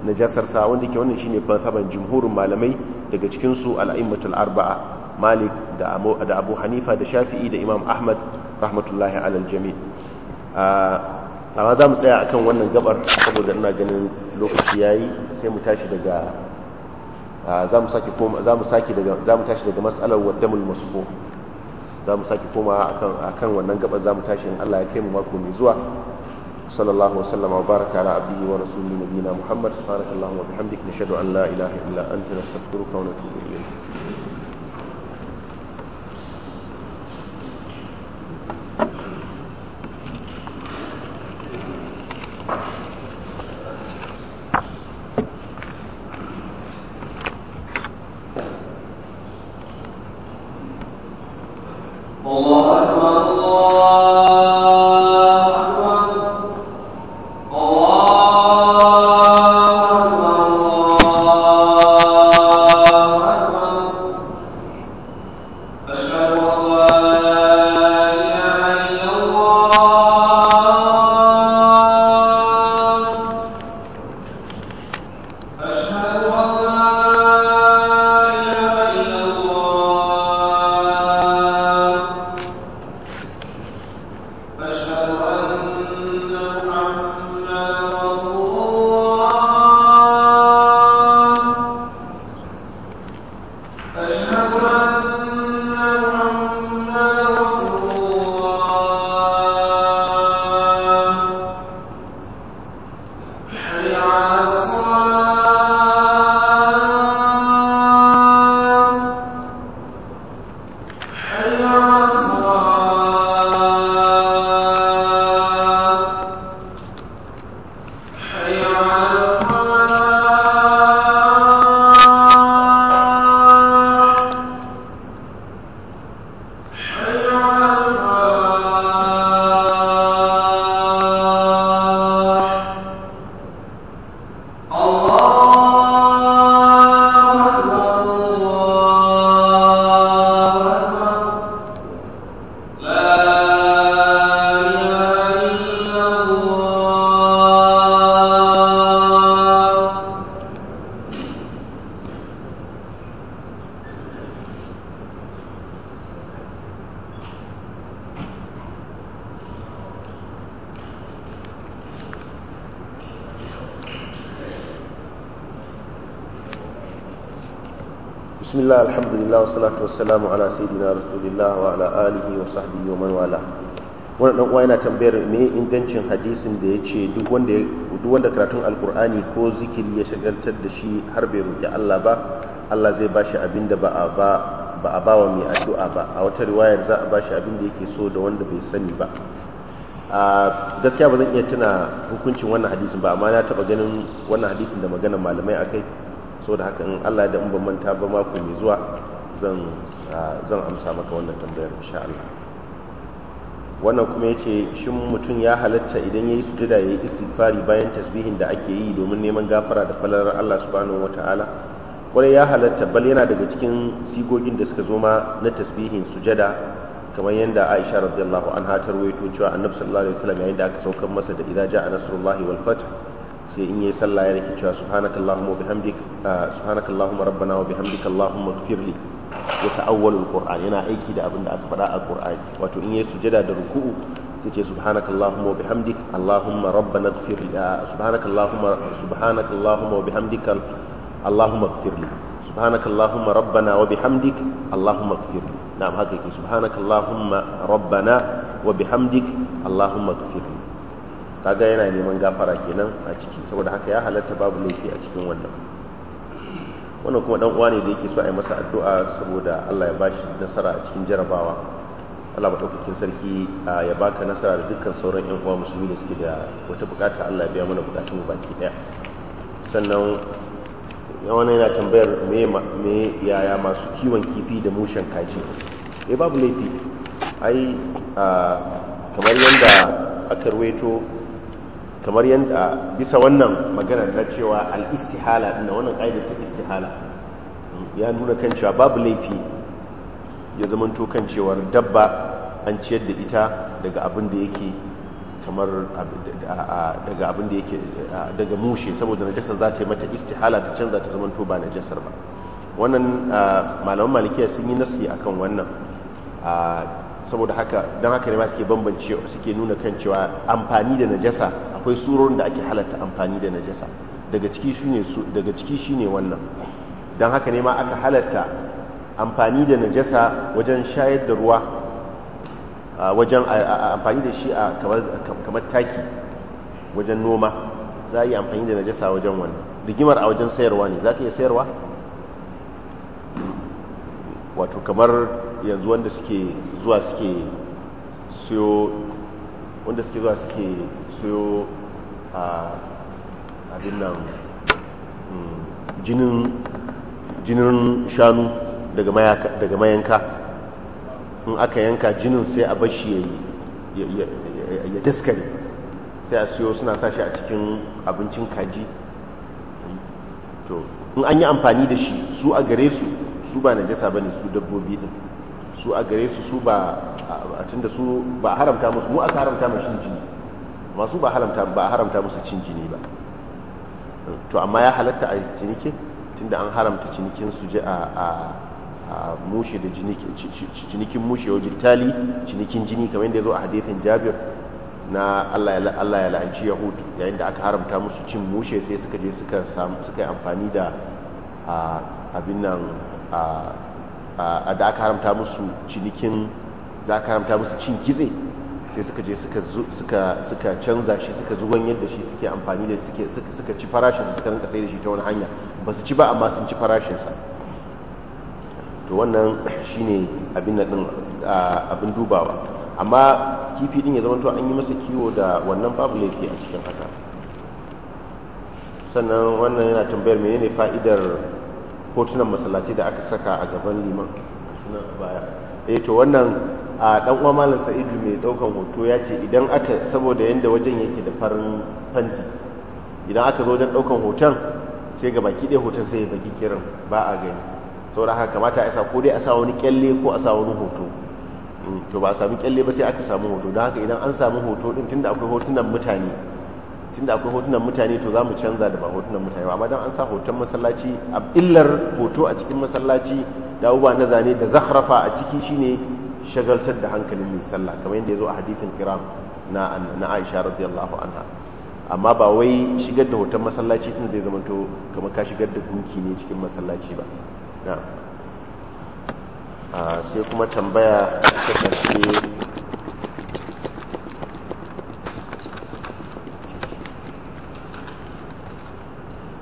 najasarsa wanda ke wannan shine fasaban jumhurin malamai daga cikinsu al'immatul arba'a malik da abu hanifa da shafi'i da imam ahmad rahmatullahi alal jami amma za mu tsaya a kan wannan gabar saboda ina ganin lokaci ya yi sai mu tashi daga za mu sake koma za mu mu tashi daga za mu sake koma a kan wannan gabar za mu tashi in Allah ya kai mu mako mai zuwa صلى الله وسلم وبارك على عبده ورسوله نبينا محمد سبحانك اللهم وبحمدك نشهد ان لا اله الا انت نستغفرك ونتوب اليك بسم الله الحمد لله والصلاة والسلام على سيدنا رسول الله وعلى آله وصحبه ومن والاه wani dan uwa yana tambayar me ingancin hadisin da ya ce duk wanda karatun alkur'ani ko zikiri ya shagaltar da shi har bai roƙi Allah ba Allah zai bashi abin da ba a ba bawa mai addu'a ba a wata riwayar za a shi abin da yake so da wanda bai sani ba a gaskiya ba zan iya tuna hukuncin wannan hadisin ba amma na taba ganin wannan hadisin da maganar malamai akai saboda haka in Allah da in ban manta ba mako mai zuwa ah, zan amsa maka wannan tambayar insha Allah wannan kuma ya ce shin mutum ya halatta idan yayi sujada yi istighfari bayan tasbihin da ake yi domin neman gafara da falalar Allah subhanahu wataala kwarai ya halatta bal yana daga cikin sigogin da suka zo ma na tasbihin sujada kamar yadda Aisha radiyallahu anha ta rawaito cewa Annabi sallallahu alaihi wasallam yayin da aka saukar masa da idza a nasrullahi wal fath sai in yi sallah ya rike cewa subhanakallahumma ah, subhanakallahumma rabbana wa allahumma ighfirli ya ta'awwalul qur'an yana aiki da abin da aka faɗa a qur'ani wato in yi sujada da ruku'u sai ce subhanakallahumma wa bihamdik allahumma rabbana ighfirli ah, subhanakallahumma subhanakallahumma wa allahumma ighfirli subhanakallahumma rabbana wa allahumma ighfirli na'am haka yake subhanakallahumma rabbana wa allahumma ighfirli kaga yana neman gafara kenan a ciki saboda haka ya halatta babu laifi a cikin wannan wannan kuma dan uwa ne da yake so a yi masa addu'a saboda Allah ya bashi nasara a cikin jarabawa Allah madaukakin sarki ya baka nasara da dukkan sauran yan uwa musulmi da suke da wata bukata Allah ya biya mana bukatun mu baki daya sannan wani yana tambayar me yaya masu kiwon kifi da mushen kaji eh babu laifi ai kamar yadda aka ruwaito kamar yadda bisa wannan maganar na cewa al’istihala inda wannan ƙa'idar ta istihala ya nuna kan cewa babu laifi ya zamanto kan cewar dabba an ciyar da ita daga abin da yake kamar daga abin da yake daga mushe saboda najasar za ta yi mata istihala ta canza ta zamanto ba najasar ba wannan malaman malikiya sun yi nasi akan wannan saboda haka don haka ne ma suke bambance suke nuna kan cewa amfani da najasa akwai surorin da ake halatta amfani da najasa daga ciki shi daga ciki shine wannan don haka ne ma aka halatta amfani da najasa wajen shayar da ruwa wajen amfani da shi a kamar taki wajen noma za a yi amfani da najasa wajen wannan rigimar a wajen sayarwa ne za ka iya sayarwa wato kamar yanzu wanda suke zuwa suke siyo wanda suke zuwa suke soyo a abin nan mm, jinin shanu daga mayanka in aka yanka jinin sai a bashi ya daskare sai a siyo suna sashi a cikin abincin kaji to in an yi amfani da shi su a gare su su ba na jasa ba ne su dabbobi din su a gare su su ba a tunda su ba haramta musu mu aka haramta mu cin jini masu ba haramta ba haramta musu cin jini ba to amma ya halatta a yi cinikin tunda an haramta cinikin su a a mushe da cinikin mushe wajen tali cinikin jini kamar yadda ya zo a hadithin jabir na Allah ya la'anci Yahudu. yayin da aka haramta musu cin mushe sai suka je suka yi amfani da abin nan da aka haramta musu cinikin za aka haramta musu cin kitse sai suka je suka canza shi suka zuwan yadda shi suke amfani da suka ci farashinsa suka rinka sai da shi ta wani hanya ba su ci ba amma sun ci farashinsa to wannan shi ne abin dubawa amma kifi din ya zama to an yi masa kiwo da wannan babu laifi a cikin haka sannan wannan yana tambayar ne fa'idar hotunan masallaci da aka saka a gaban liman suna baya ya eh, to wannan a ɗan'uwa uwa sa'idu mai ɗaukan hoto ya ce idan aka saboda yadda wajen yake da farin fanti idan aka zo wajen ɗaukan hoton sai ga baki ɗaya hoton sai ya baki kiran ba a gani saboda haka kamata a sa ko dai a sa wani kyalle ko a sa wani hoto hmm, to ba a sami kyalle ba sai aka samu hoto don haka idan an samu hoto din tunda akwai hotunan mutane tunda akwai hotunan mutane to za mu canza da ba hotunan mutane ba amma don an sa hoton masallaci a illar hoto a cikin masallaci da abubuwa na zane da zahrafa a ciki shine shagaltar da hankalin mai sallah kamar yadda ya zo a hadithin kiram na na Aisha radiyallahu anha amma ba wai shigar da hoton masallaci din zai zama to kamar ka shigar da gunki ne cikin masallaci ba na'am ah, sai kuma tambaya ta karshe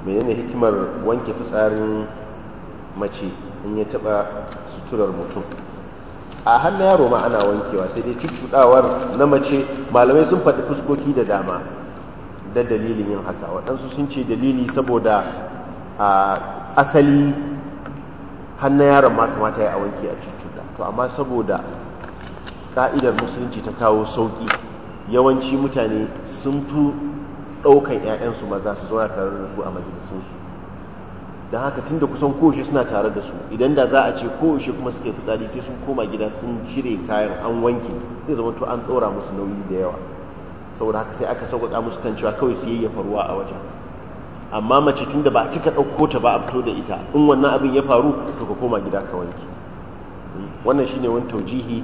menene hikimar wanke fitsarin mace in ya taba suturar mutum a hannun yaro ma ana wankewa sai dai cuccuɗawar na mace malamai sun faɗi fuskoki da dama da dalilin yin haka waɗansu sun ce dalili saboda a asali hannun yaron ma kamata ya wanke a cuccuɗa to amma saboda ƙa'idar musulunci ta kawo sauƙi yawanci mutane sun fi ɗaukan 'ya'yansu maza su zauna tare da su a majalisunsu Da haka tun da kusan koshe suna tare da su idan da za a ce koshe kuma suke fitsari sai sun koma gida sun cire kayan an wanke zai zama to an ɗora musu nauyi da yawa saboda haka sai aka sauƙaƙa musu kan cewa kawai su yayyafa ruwa a wajen amma mace tun da ba a cika ɗauko ta ba a fito da ita in wannan abin ya faru to ka koma gida ka wanke wannan shine wani taujihi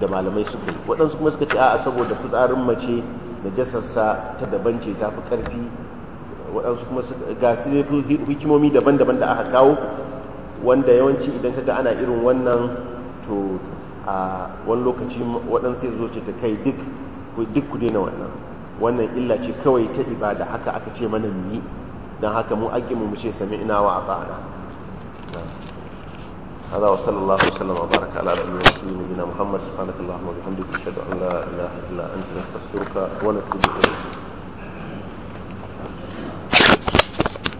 da malamai suka yi waɗansu kuma suka ce a'a saboda fitsarin mace najasarsa ta daban ce ta fi ƙarfi waɗansu kuma ga su hikimomi daban-daban da aka kawo wanda yawanci idan kaga ana irin wannan to a wani lokaci waɗansu zo ce ta kai duk ku daina wannan wannan illa ce kawai ta ibada haka aka ce mana mu yi don haka mu ake mu mu ce sami ina wa a ba'ana هذا وصلى الله وسلم وبارك على عبده ورسوله نبينا محمد سبحانك اللهم وبحمدك اشهد ان لا اله الا انت نستغفرك ونتوب اليك